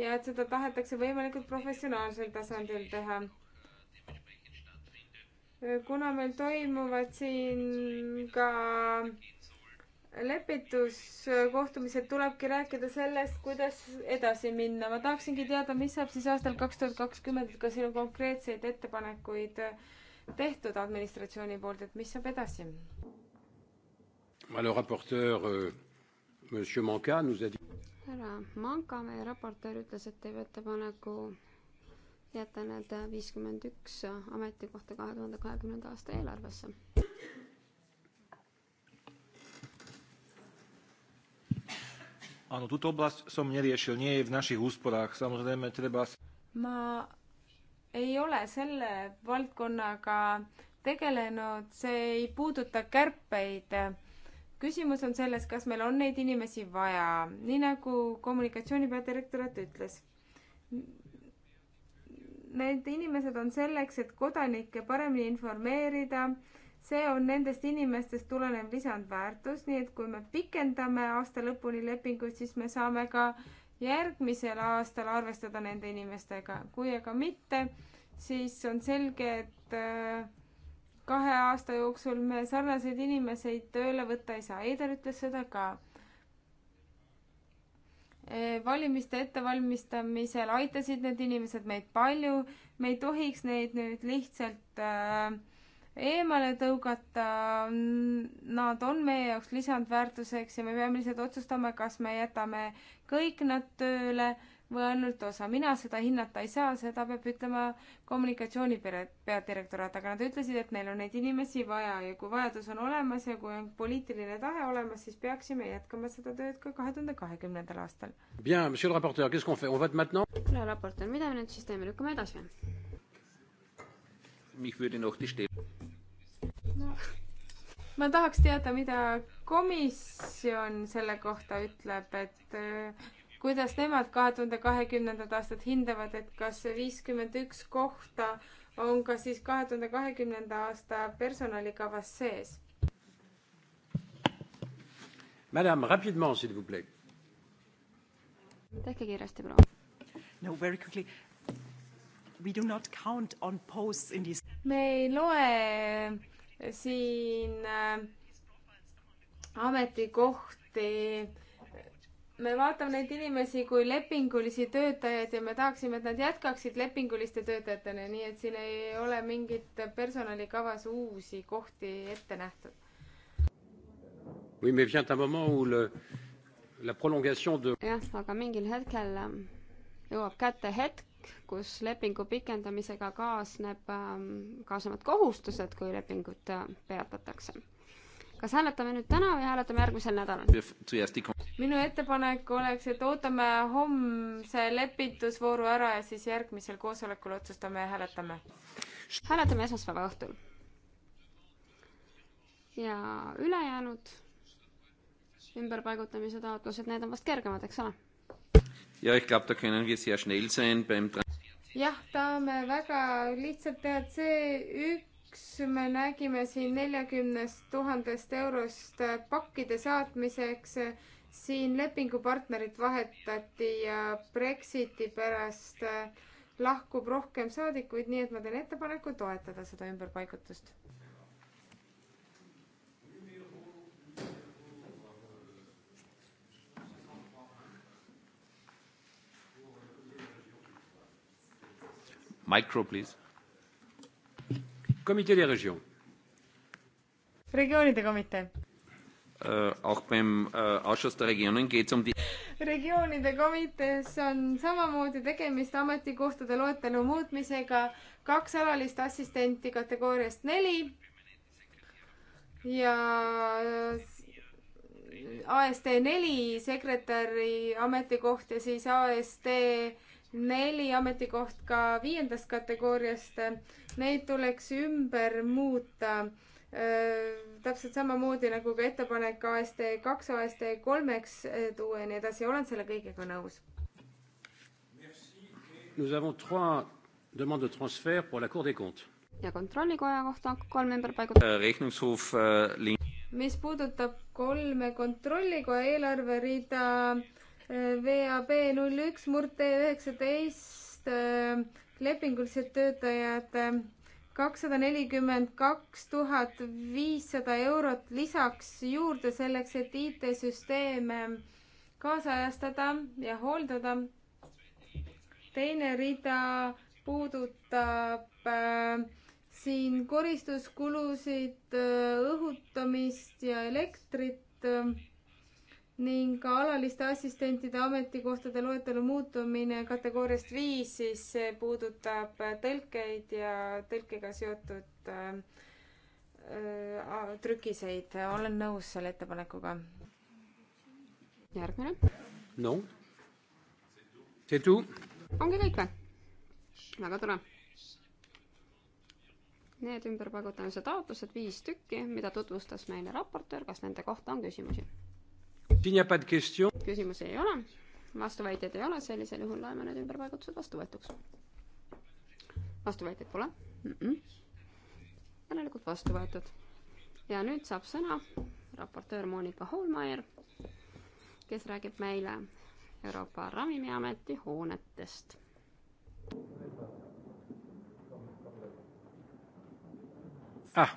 ja et seda tahetakse võimalikult professionaalsel tasandil teha. kuna meil toimuvad siin ka lepituskohtumised, tulebki rääkida sellest, kuidas edasi minna. ma tahaksingi teada, mis saab siis aastal kaks tuhat kakskümmend, et kas siin on konkreetseid ettepanekuid äh, tehtud administratsiooni poolt, et mis saab edasi? Euh, härra Manka, meie raportöör ütles, et teeb ettepaneku jätta need viiskümmend üks ametikohta kahe tuhande kahekümnenda aasta eelarvesse. Áno, túto oblasť som neriešil, nie je v našich úsporách. Samozrejme, treba... Ma ei ole selle valdkonnaga tegelenud, see ei puuduta kärpeid. küsimus on selles, kas meil on neid inimesi vaja, nii nagu kommunikatsiooni peadirektorat ütles. Need inimesed on selleks, et kodanikke paremini informeerida, see on nendest inimestest tulenev lisandväärtus, nii et kui me pikendame aasta lõpuni lepinguid, siis me saame ka äh, järgmisel aastal arvestada nende inimestega, kui aga mitte, siis on selge, et äh, kahe aasta jooksul me sarnaseid inimesi tööle võtta ei saa. Eider ütles seda ka. Äh, valimiste ettevalmistamisel aitasid need inimesed meid palju, me ei tohiks neid nüüd lihtsalt äh, eemale tõugata, nad on meie jaoks lisandväärtuseks ja me peame lihtsalt otsustama, kas me jätame kõik nad tööle või ainult osa. mina seda hinnata ei saa, seda peab ütlema kommunikatsiooni peadirektoraat, aga nad ütlesid, et neil on neid inimesi vaja ja kui vajadus on olemas ja kui on poliitiline tahe olemas, siis peaksime jätkama seda tööd ka kahe tuhande kahekümnendal aastal. Bien, monsieur le rapporteur, qu'est-ce qu'on fait, on vote maintenant? kuule, raportöör, mida me nüüd siis teeme, lükkame edasi või? no, ma tahaks teada, mida komisjon selle kohta ütleb, et äh, kuidas nemad kahe tuhande kahekümnendat aastat hindavad, et kas viiskümmend üks kohta on ka siis kahe tuhande kahekümnenda aasta personalikavas sees? Madame, rapidement, s'il vous plaît. tehke kiiresti, proua. No very quickly me ei loe siin äh, ametikohti. me vaatame neid inimesi kui lepingulisi töötajaid ja me tahaksime, et nad jätkaksid lepinguliste töötajatena, nii et siin ei ole mingit personalikavas uusi kohti ette nähtud. Oui, mais vient un moment où le, la prolongation de... jah, aga mingil hetkel äh, jõuab kätte hetk, kus lepingu pikendamisega kaasneb, ähm, kaasnevad kohustused, kui lepingut äh, peatatakse. kas hääletame nüüd täna või hääletame järgmisel nädalal? minu ettepanek oleks, et ootame homse lepitusvooru ära ja siis järgmisel koosolekul otsustame ja hääletame. hääletame esmaspäeva õhtul. ja ülejäänud ümberpaigutamise taotlused, need on vast kergemad, eks ole? jah, tahame väga lihtsalt teha C1, me nägime siin neljakümnest tuhandest eurost pakkide saatmiseks, siin lepingupartnerit vahetati ja Brexiti pärast lahkub rohkem saadikuid, nii et ma teen ettepaneku toetada seda ümberpaigutust Micro, please. komitee ja regioon. regioonide komitee äh,. auch beim äh, Ausschuss der Regionen geht es um die regioonide komitees on samamoodi tegemist ametikohtade loetelu muutmisega, kaks alalist assistenti kategooriast neli ja äh, AST neli sekretäri ametikoht ja siis AST neli ametikoht ka viiendast kategooriast, neid tuleks ümber muuta äh, täpselt samamoodi nagu ka ettepanek AST kaks, AST kolmeks tuua ja nii edasi, olen selle kõigega nõus. Nous avons trois demandes de transfert pour la Cour des comptes. ja kontrollikoja kohta kolm ümberpaigutamist. Äh, Rechnungshof äh, link mis puudutab kolme kontrollikoja eelarverida VAB null üks murd üheksateist lepingulised töötajad kakssada nelikümmend kaks tuhat viissada eurot lisaks juurde selleks, et IT-süsteeme kaasajastada ja hooldada. teine rida puudutab äh, siin koristuskulusid, äh, õhutamist ja elektrit ning ka alaliste assistentide ametikohtade loetelu muutumine kategooriast viis, siis see puudutab tõlkeid ja tõlkega seotud äh, äh, trükiseid. olen nõus selle ettepanekuga. järgmine. no. see tuu. ongi kõik või? väga tore. Need ümberpaigutamise taotlused, viis tükki, mida tutvustas meile raportöör, kas nende kohta on küsimusi? küsimusi ei ole, vastuväiteid ei ole, sellisel juhul loeme need ümberpaigutused vastuvõetuks. vastuväiteid pole mm? -mm. järelikult vastu võetud. ja nüüd saab sõna raportöör Monika Hoolmeier, kes räägib meile Euroopa Ravimiameti hoonetest. ah,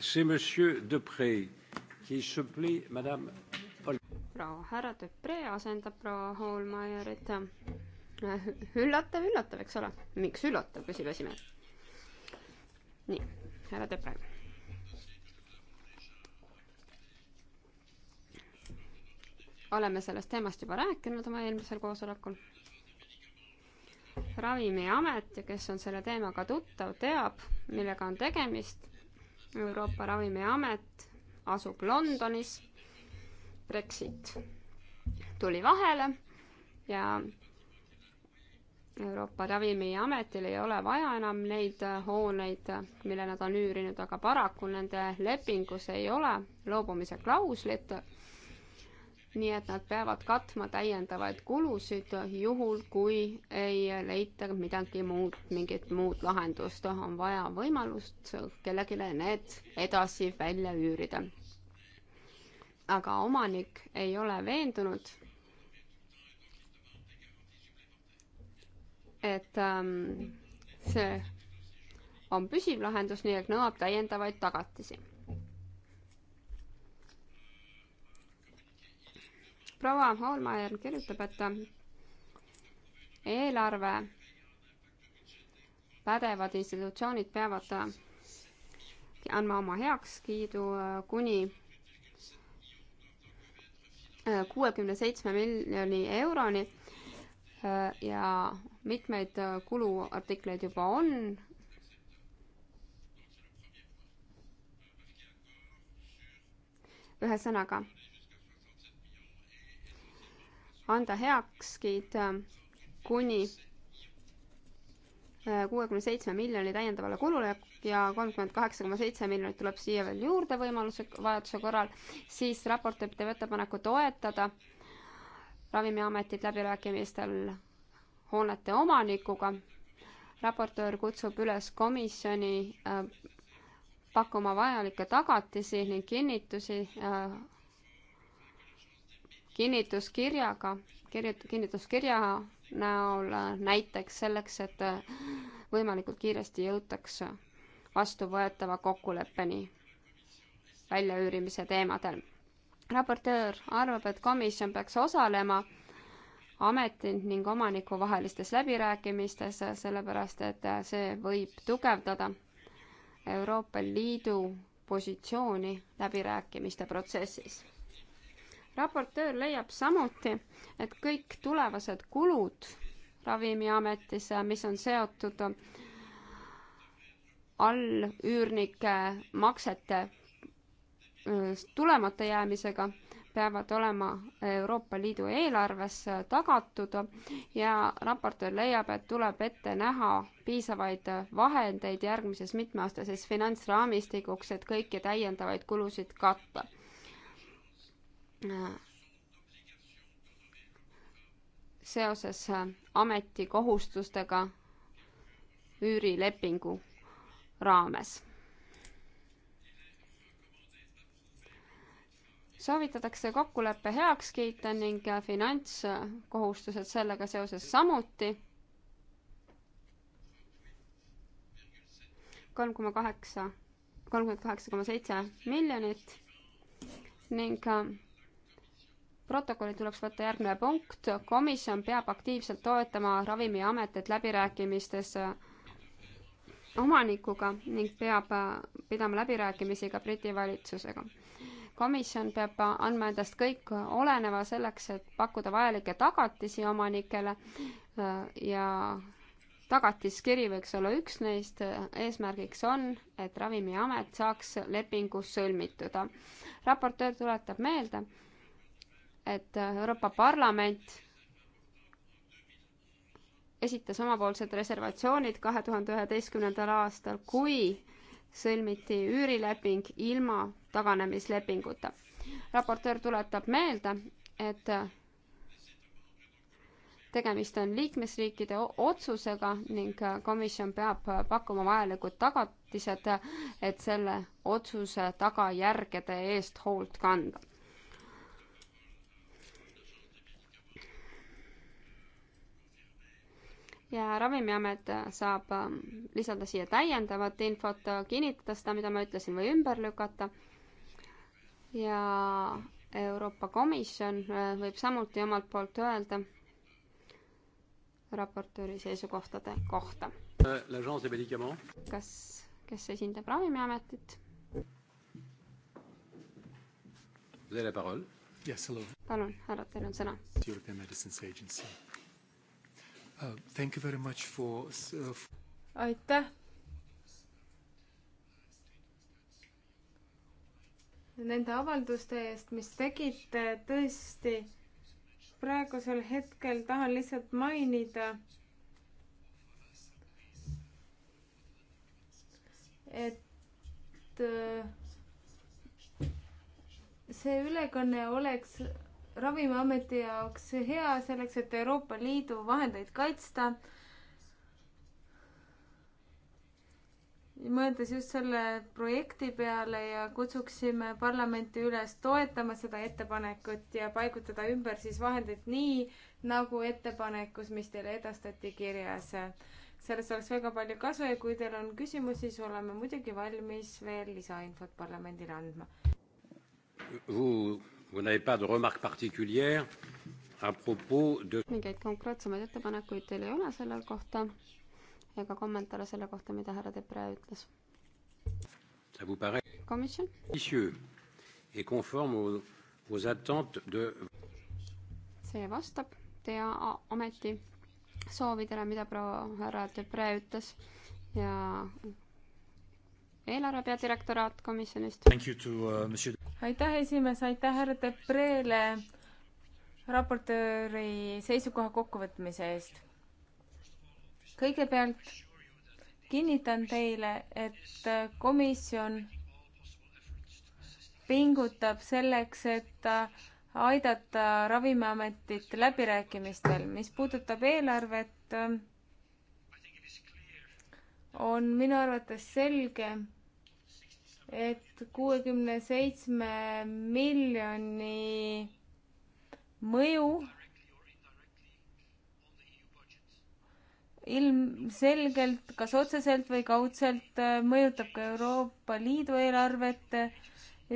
see monsieur Depree, qui se plaît madame proua, härra Depre asendab proua Hoolmeierit. üllatav, üllatav, eks ole. miks üllatav, küsib esimees. nii, härra Depre. oleme sellest teemast juba rääkinud oma eelmisel koosolekul. ravimiamet, kes on selle teemaga tuttav, teab, millega on tegemist. Euroopa Ravimiamet asub Londonis Brexit tuli vahele ja Euroopa Ravimiametil ei ole vaja enam neid äh, hooneid, mille nad on üürinud, aga paraku nende lepingus ei ole loobumise klauslit. nii et nad peavad katma täiendavaid kulusid, juhul kui ei leita midagi muud, mingit muud lahendust, on vaja võimalust kellelegi need edasi välja üürida aga omanik ei ole veendunud, et ähm, see on püsiv lahendus, nii et nõuab täiendavaid tagatisi. proua Hoolmeier kirjutab, et eelarve pädevad institutsioonid peavad andma oma heakskiidu äh, kuni kuuekümne seitsme miljoni euroni äh, ja mitmeid äh, kuluartikleid juba on. ühesõnaga, anda heakskiit äh, kuni kuuekümne seitsme miljoni täiendavale kulule ja kolmkümmend kaheksa koma seitse miljonit tuleb siia veel juurde võimaluse, vajaduse korral, siis raport teeb ettepaneku toetada Ravimiametit läbirääkimistel hoonete omanikuga. raportöör kutsub üles komisjoni äh, pakkuma vajalikke tagatisi ning kinnitusi äh, kinnituskirjaga, kinnituskirja näol näiteks selleks, et äh, võimalikult kiiresti jõutaks vastuvõetava kokkuleppeni väljaüürimise teemadel. raportöör arvab, et komisjon peaks osalema ameti ning omaniku vahelistes läbirääkimistes, sellepärast et see võib tugevdada Euroopa Liidu positsiooni läbirääkimiste protsessis raportöör leiab samuti, et kõik tulevased kulud Ravimiametis, mis on seotud allüürnike maksete tulemata jäämisega, peavad olema Euroopa Liidu eelarves tagatud ja raportöör leiab, et tuleb ette näha piisavaid vahendeid järgmises mitmeaastases finantsraamistikuks, et kõiki täiendavaid kulusid katta seoses äh, ametikohustustega üürilepingu raames. soovitatakse kokkulepe heaks kiita ning äh, finantskohustused sellega seoses samuti. kolm koma kaheksa, kolmkümmend kaheksa koma seitse miljonit ning äh, protokolli tuleks võtta järgmine punkt, komisjon peab aktiivselt toetama Ravimiametit läbirääkimistes äh, omanikuga ning peab äh, pidama läbirääkimisi ka Briti valitsusega. komisjon peab äh, andma endast kõik oleneva selleks, et pakkuda vajalikke tagatisi omanikele ja tagatiskiri võiks olla üks neist, eesmärgiks on, et Ravimiamet saaks lepingu sõlmitud. raportöör tuletab meelde, et äh, Euroopa Parlament esitas omapoolsed reservatsioonid kahe tuhande üheteistkümnendal aastal, kui sõlmiti üürileping ilma taganemislepinguta. raportöör tuletab meelde, et äh, tegemist on liikmesriikide otsusega ning äh, komisjon peab pakkuma vajalikud tagatised, et selle otsuse tagajärgede eest hoolt kanda. ja Ravimiamet saab ähm, lisada siia täiendavat infot, äh, kinnitada seda, mida ma ütlesin, või ümber lükata. ja Euroopa Komisjon äh, võib samuti omalt poolt öelda raportööri seisukohtade kohta. Äh, kas, kes esindab Ravimiametit? palun, härra, teil on sõna. European Medicines Agency Uh, for... Uh, aitäh. Nende avalduste eest, mis tegite, tõesti praegusel hetkel tahan lihtsalt mainida, et äh, see ülekanne oleks Ravimiameti jaoks hea, selleks et Euroopa Liidu vahendeid kaitsta. mõeldes just selle projekti peale ja kutsuksime parlamenti üles toetama seda ettepanekut ja paigutada ümber siis vahendid nii, nagu ettepanekus, mis teile edastati kirjas. sellest oleks väga palju kasu ja kui teil on küsimusi, siis oleme muidugi valmis veel lisainfot parlamendile andma. Vous n'avez pas de remarque particulière à propos de mingeid konkreetsemaid ettepanekuid teil ei ole selle kohta ega kommentaare selle kohta, mida härra Depre ütles? komisjon? see vastab teie ameti soovidele, mida proua härra Depre ütles ja eelarve peadirektoraat komisjonist. Uh, aitäh, esimees, aitäh härra Debrele raportööri seisukoha kokkuvõtmise eest. kõigepealt kinnitan teile, et komisjon pingutab selleks, et aidata Ravimiametit läbirääkimistel. mis puudutab eelarvet, on minu arvates selge, et kuuekümne seitsme miljoni mõju ilmselgelt kas otseselt või kaudselt mõjutab ka Euroopa Liidu eelarvet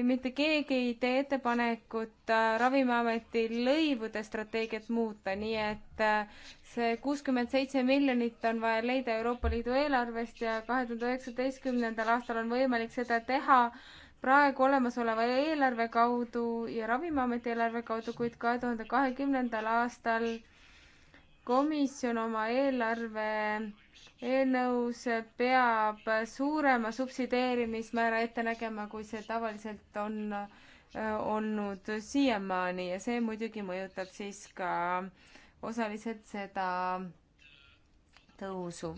mitte keegi ei tee ettepanekut äh, Ravimiameti lõivude strateegiat muuta, nii et äh, see kuuskümmend seitse miljonit on vaja leida Euroopa Liidu eelarvest ja kahe tuhande üheksateistkümnendal aastal on võimalik seda teha praegu olemasoleva eelarve kaudu ja Ravimiameti eelarve kaudu, kuid kahe tuhande kahekümnendal aastal komisjon oma eelarve eelnõus peab suurema subsideerimismäära ette nägema, kui see tavaliselt on äh, olnud siiamaani ja see muidugi mõjutab siis ka osaliselt seda tõusu.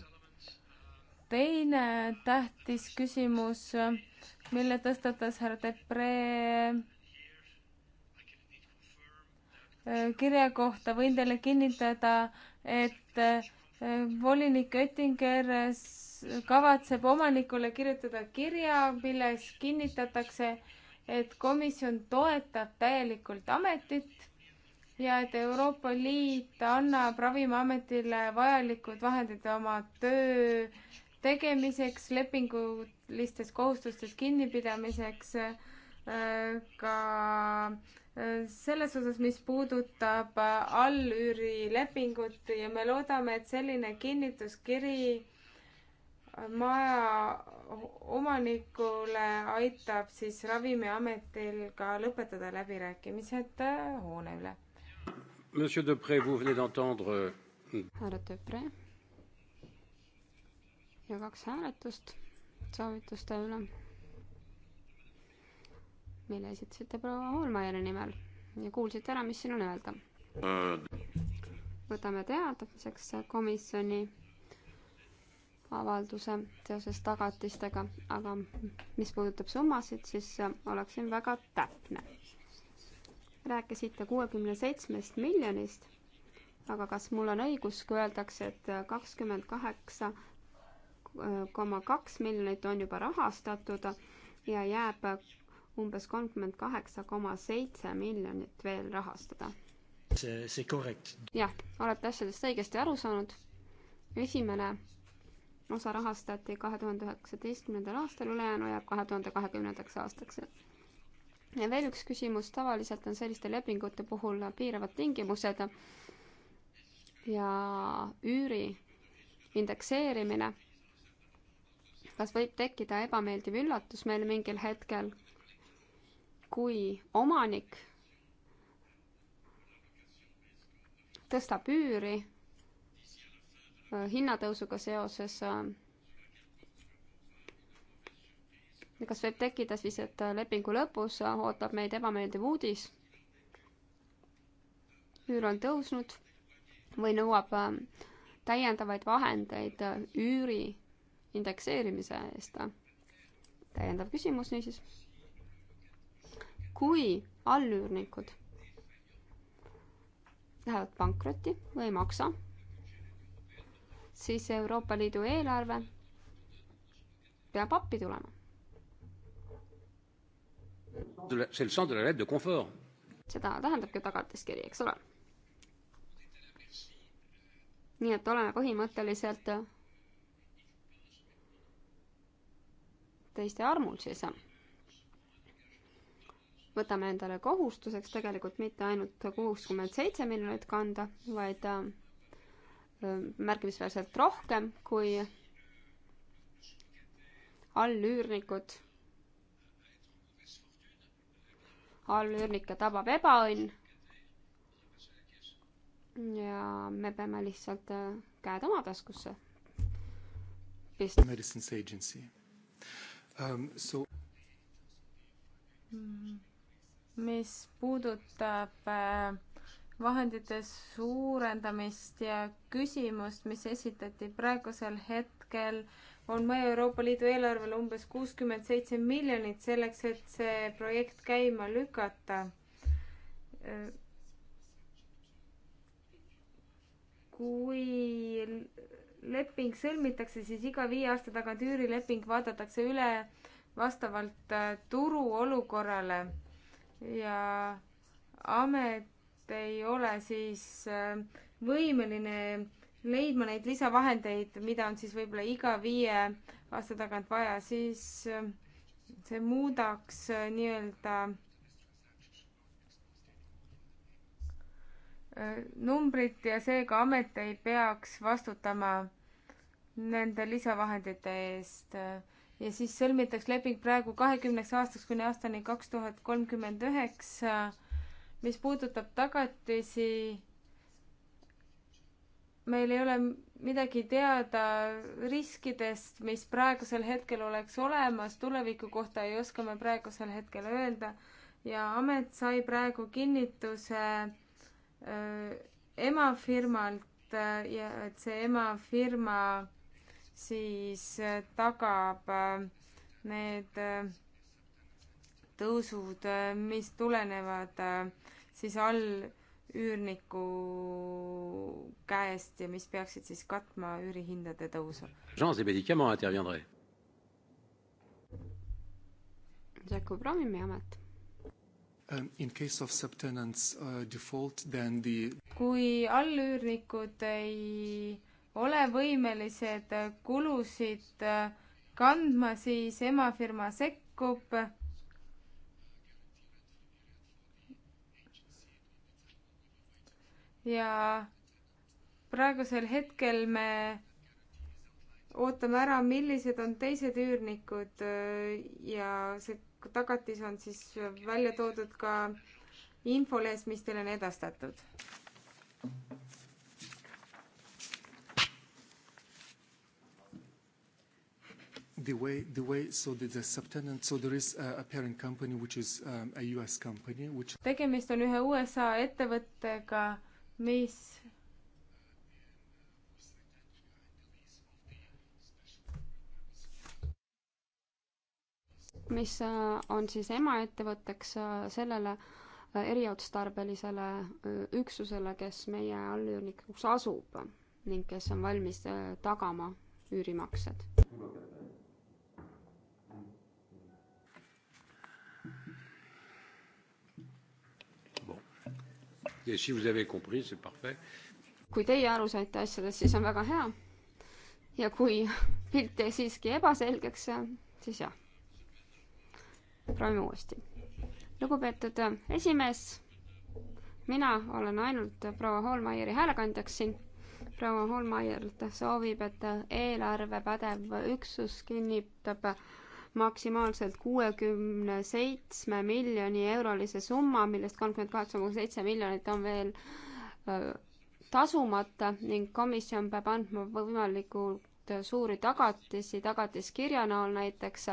teine tähtis küsimus, mille tõstatas härra Depree äh, kirja kohta, võin teile kinnitada, et äh, volinik Oettinger kavatseb omanikule kirjutada kirja, milles kinnitatakse, et komisjon toetab täielikult ametit ja et Euroopa Liit annab Ravimiametile vajalikud vahendid oma töö tegemiseks, lepingulistest kohustustest kinnipidamiseks, äh, ka selles osas, mis puudutab allüürilepingut ja me loodame, et selline kinnituskiri maja omanikule aitab siis Ravimiametil ka lõpetada läbirääkimised hoone üle. Monsieur Depree, vous venez d'entendre. Euh, härra Depree. ja kaks hääletust soovituste üle mille esitasite proua Hoolmaieri nimel ja kuulsite ära, mis siin on öelda. võtame teadmiseks komisjoni avalduse seoses tagatistega, aga mis puudutab summasid, siis oleksin väga täpne. rääkisite kuuekümne seitsmest miljonist, aga kas mul on õigus, kui öeldakse, et kakskümmend kaheksa koma kaks miljonit on juba rahastatud ja jääb umbes kolmkümmend kaheksa koma seitse miljonit veel rahastada. jah, olete asjadest õigesti aru saanud. esimene osa rahastati kahe tuhande üheksateistkümnendal aastal, ülejäänu jääb kahe tuhande kahekümnendaks aastaks. ja veel üks küsimus, tavaliselt on selliste lepingute puhul piiravad tingimused ja üüri indekseerimine kas võib tekkida ebameeldiv üllatus meil mingil hetkel, kui omanik tõstab üüri äh, hinnatõusuga seoses, äh, kas võib tekkida siis, et äh, lepingu lõpus ootab meid ebameeldiv uudis, üür on tõusnud või nõuab täiendavaid vahendeid üüri indekseerimise eest. täiendav küsimus niisiis kui allüürnikud lähevad pankrotti või ei maksa, siis Euroopa Liidu eelarve peab appi tulema. seda tähendabki tagatiskiri, eks ole. nii et oleme põhimõtteliselt teiste armul siis võtame endale kohustuseks tegelikult mitte ainult kuuskümmend seitse miljonit kanda, vaid äh, märkimisväärselt rohkem, kui allüürnikud, allüürnikke tabab ebaõnn ja me peame lihtsalt äh, käed oma taskusse pistma. Medicines Agency um,. So... Mm mis puudutab äh, vahendite suurendamist ja küsimust, mis esitati praegusel hetkel, on mõju Euroopa Liidu eelarvele umbes kuuskümmend seitse miljonit selleks, et see projekt käima lükata kui leping sõlmitakse, siis iga viie aasta tagant üürileping vaadatakse üle vastavalt äh, turuolukorrale ja amet ei ole siis äh, võimeline leidma neid lisavahendeid, mida on siis võib-olla iga viie aasta tagant vaja, siis äh, see muudaks äh, nii-öelda numbrit ja seega amet ei peaks vastutama nende lisavahendite eest ja siis sõlmitakse leping praegu kahekümneks aastaks kuni aastani kaks tuhat kolmkümmend üheksa. mis puudutab tagatisi, meil ei ole midagi teada riskidest, mis praegusel hetkel oleks olemas, tuleviku kohta ei oska me praegusel hetkel öelda ja amet sai praegu kinnituse äh, emafirmalt äh, ja et see emafirma siis äh, tagab äh, need äh, tõusud, mis tulenevad siis allüürniku käest ja mis peaksid siis katma üürihindade tõusu. Jakob Ravimiamet um, In case of subtenants uh, default, then the kui allüürnikud ei ole võimelised kulusid äh, kandma, siis emafirma sekkub. ja praegusel hetkel me ootame ära, millised on teised üürnikud äh, ja see tagatis on siis välja toodud ka infolehes, mis teile on edastatud. the way, the way so that the subtenant, so there is a, a parent company which is um, a US company which tegemist on ühe USA ettevõttega, mis mis äh, on siis emaettevõtteks äh, sellele äh, eriotstarbelisele üksusele, kes meie allüürnikuks asub ning kes on valmis tagama üürimaksed et si vous avez compris, c'est parfait. kui teie aru saite asjadest, siis on väga hea. ja kui *laughs* pilt jäi siiski ebaselgeks, siis jah. proovime uuesti. lugupeetud esimees, mina olen ainult proua Hoolmeieri häälekandjaks siin. proua Hoolmeier soovib, et eelarvepädev üksus kinnitab maksimaalselt kuuekümne seitsme miljoni eurolise summa, millest kolmkümmend kaheksa koma seitse miljonit on veel tasumata ning komisjon peab andma võimalikult suuri tagatisi, tagatiskirja näol näiteks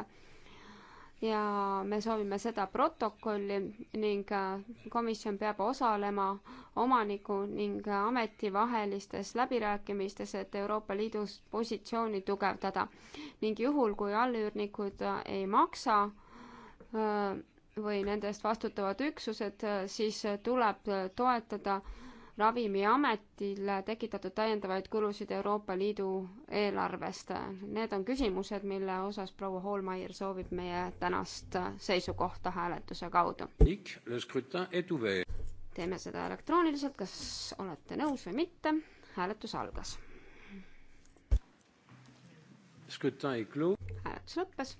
ja me soovime seda protokolli ning äh, komisjon peab osalema omaniku ning ametivahelistes läbirääkimistes, et Euroopa Liidus positsiooni tugevdada. ning juhul, kui allüürnikud äh, ei maksa äh, või nende eest vastutavad üksused, siis tuleb toetada Ravimiametil tekitatud täiendavaid kulusid Euroopa Liidu eelarvest. Need on küsimused, mille osas proua Hoolmeier soovib meie tänast seisukohta hääletuse kaudu. teeme seda elektrooniliselt, kas olete nõus või mitte. hääletus algas. hääletus lõppes.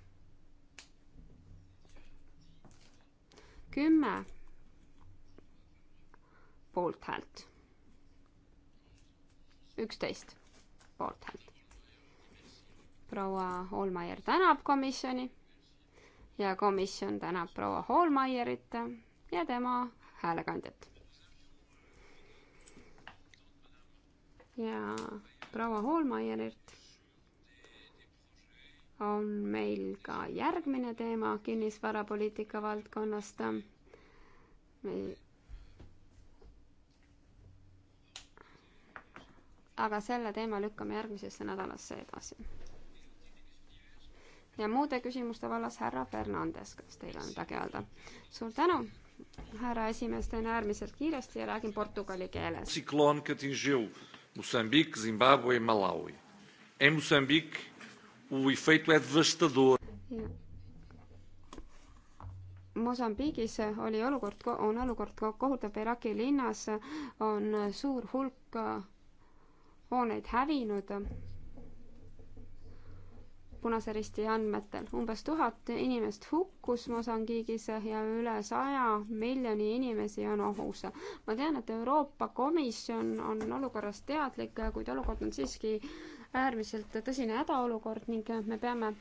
kümme poolthäält. üksteist poolthäält. proua Holmeier tänab komisjoni ja komisjon tänab proua Holmeierit ja tema häälekandjat. ja proua Holmeierilt on meil ka järgmine teema kinnisvarapoliitika valdkonnast. meil aga selle teema lükkame järgmisesse nädalasse edasi. ja muude küsimuste vallas härra Fernandes, kas teil on midagi öelda? suur tänu, härra esimees, teen äärmiselt kiiresti ja räägin portugali keeles. tsikloon katingiu Moçambique, Zimbabwe, e Malawi. Em Moçambique, o efeito é devastador. Mosambiigis oli olukord, on olukord kohutav, Iraki linnas on suur hulk hooneid hävinud Punase Risti andmetel. umbes tuhat inimest hukkus Mosambiigis ja üle saja miljoni inimesi on ohus. ma tean, et Euroopa Komisjon on olukorrast teadlik, kuid olukord on siiski äärmiselt tõsine hädaolukord ning me peame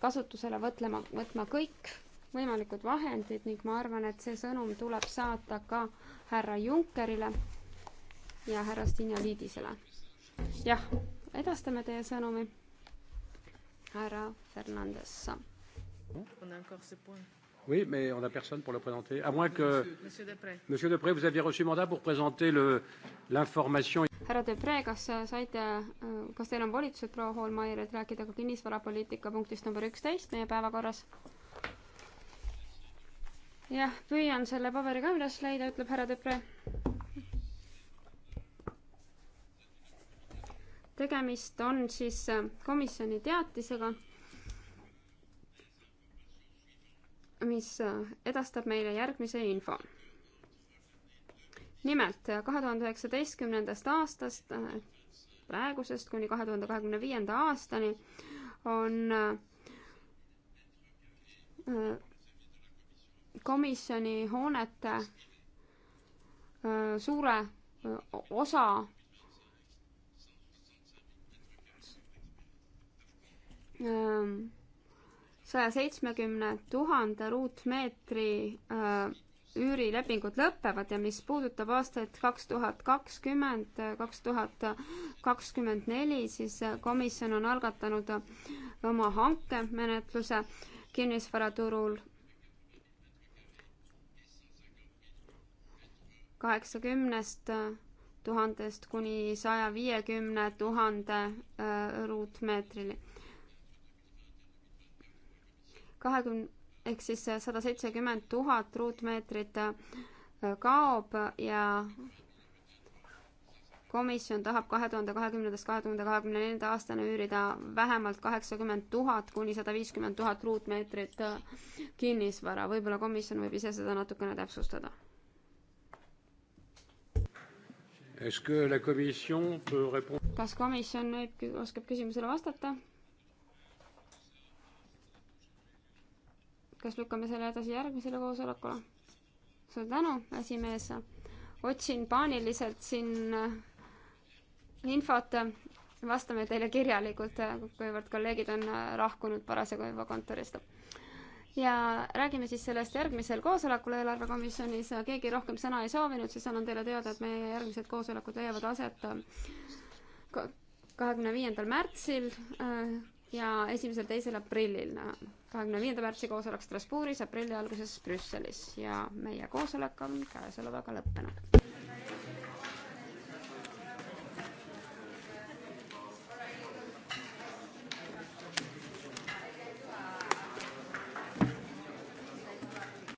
kasutusele võtlema, võtma kõik võimalikud vahendid ning ma arvan, et see sõnum tuleb saata ka härra Junckerile ja härra Stinja Liidisele jah, edastame teie sõnumi. härra Fernandes. Oui, mais on n'a personne pour le présenter. À moins que. Monsieur Depré. Monsieur Depré, vous aviez reçu mandat pour présenter l'information. härra Depré, kas saite, kas teil on volitused proua Hoolmaier, et rääkida ka kinnisvarapoliitika punktist number üksteist meie päevakorras? jah, püüan selle paberi ka üles leida, ütleb härra Depré. tegemist on siis äh, komisjoni teatisega, mis äh, edastab meile järgmise info. nimelt äh, kahe tuhande üheksateistkümnendast aastast, praegusest kuni kahe tuhande kahekümne viienda aastani on komisjoni hoonete suure osa Ehm, saja seitsmekümne tuhande ruutmeetri äh, üürilepingud lõpevad ja mis puudutab aastaid kaks tuhat kakskümmend, kaks tuhat kakskümmend neli, siis komisjon on algatanud oma hankemenetluse kinnisvaraturul kaheksakümnest tuhandest kuni saja viiekümne tuhande äh, ruutmeetrini kahekümne, ehk siis sada seitsekümmend tuhat ruutmeetrit äh, kaob ja komisjon tahab kahe tuhande kahekümnendast kahe tuhande kahekümne neljanda aastani üürida vähemalt kaheksakümmend tuhat kuni sada viiskümmend tuhat ruutmeetrit äh, kinnisvara. võib-olla komisjon võib ise seda natukene täpsustada. kas komisjon võib, oskab küsimusele vastata? kas lükkame selle edasi järgmisele koosolekule? suur tänu, esimees. otsin paaniliselt siin äh, infot, vastame teile kirjalikult, äh, kuivõrd kolleegid on äh, lahkunud parasjagu juba kontorist ja räägime siis sellest järgmisel koosolekul eelarvekomisjonis, keegi rohkem sõna ei soovinud, siis annan teile teada, et meie järgmised koosolekud leiavad aset kahekümne viiendal märtsil ja esimesel-teisel aprillil kahekümne viienda märtsi koosolek Strasbourgis, aprilli alguses Brüsselis ja meie koosolek on käesolevaga lõppenud.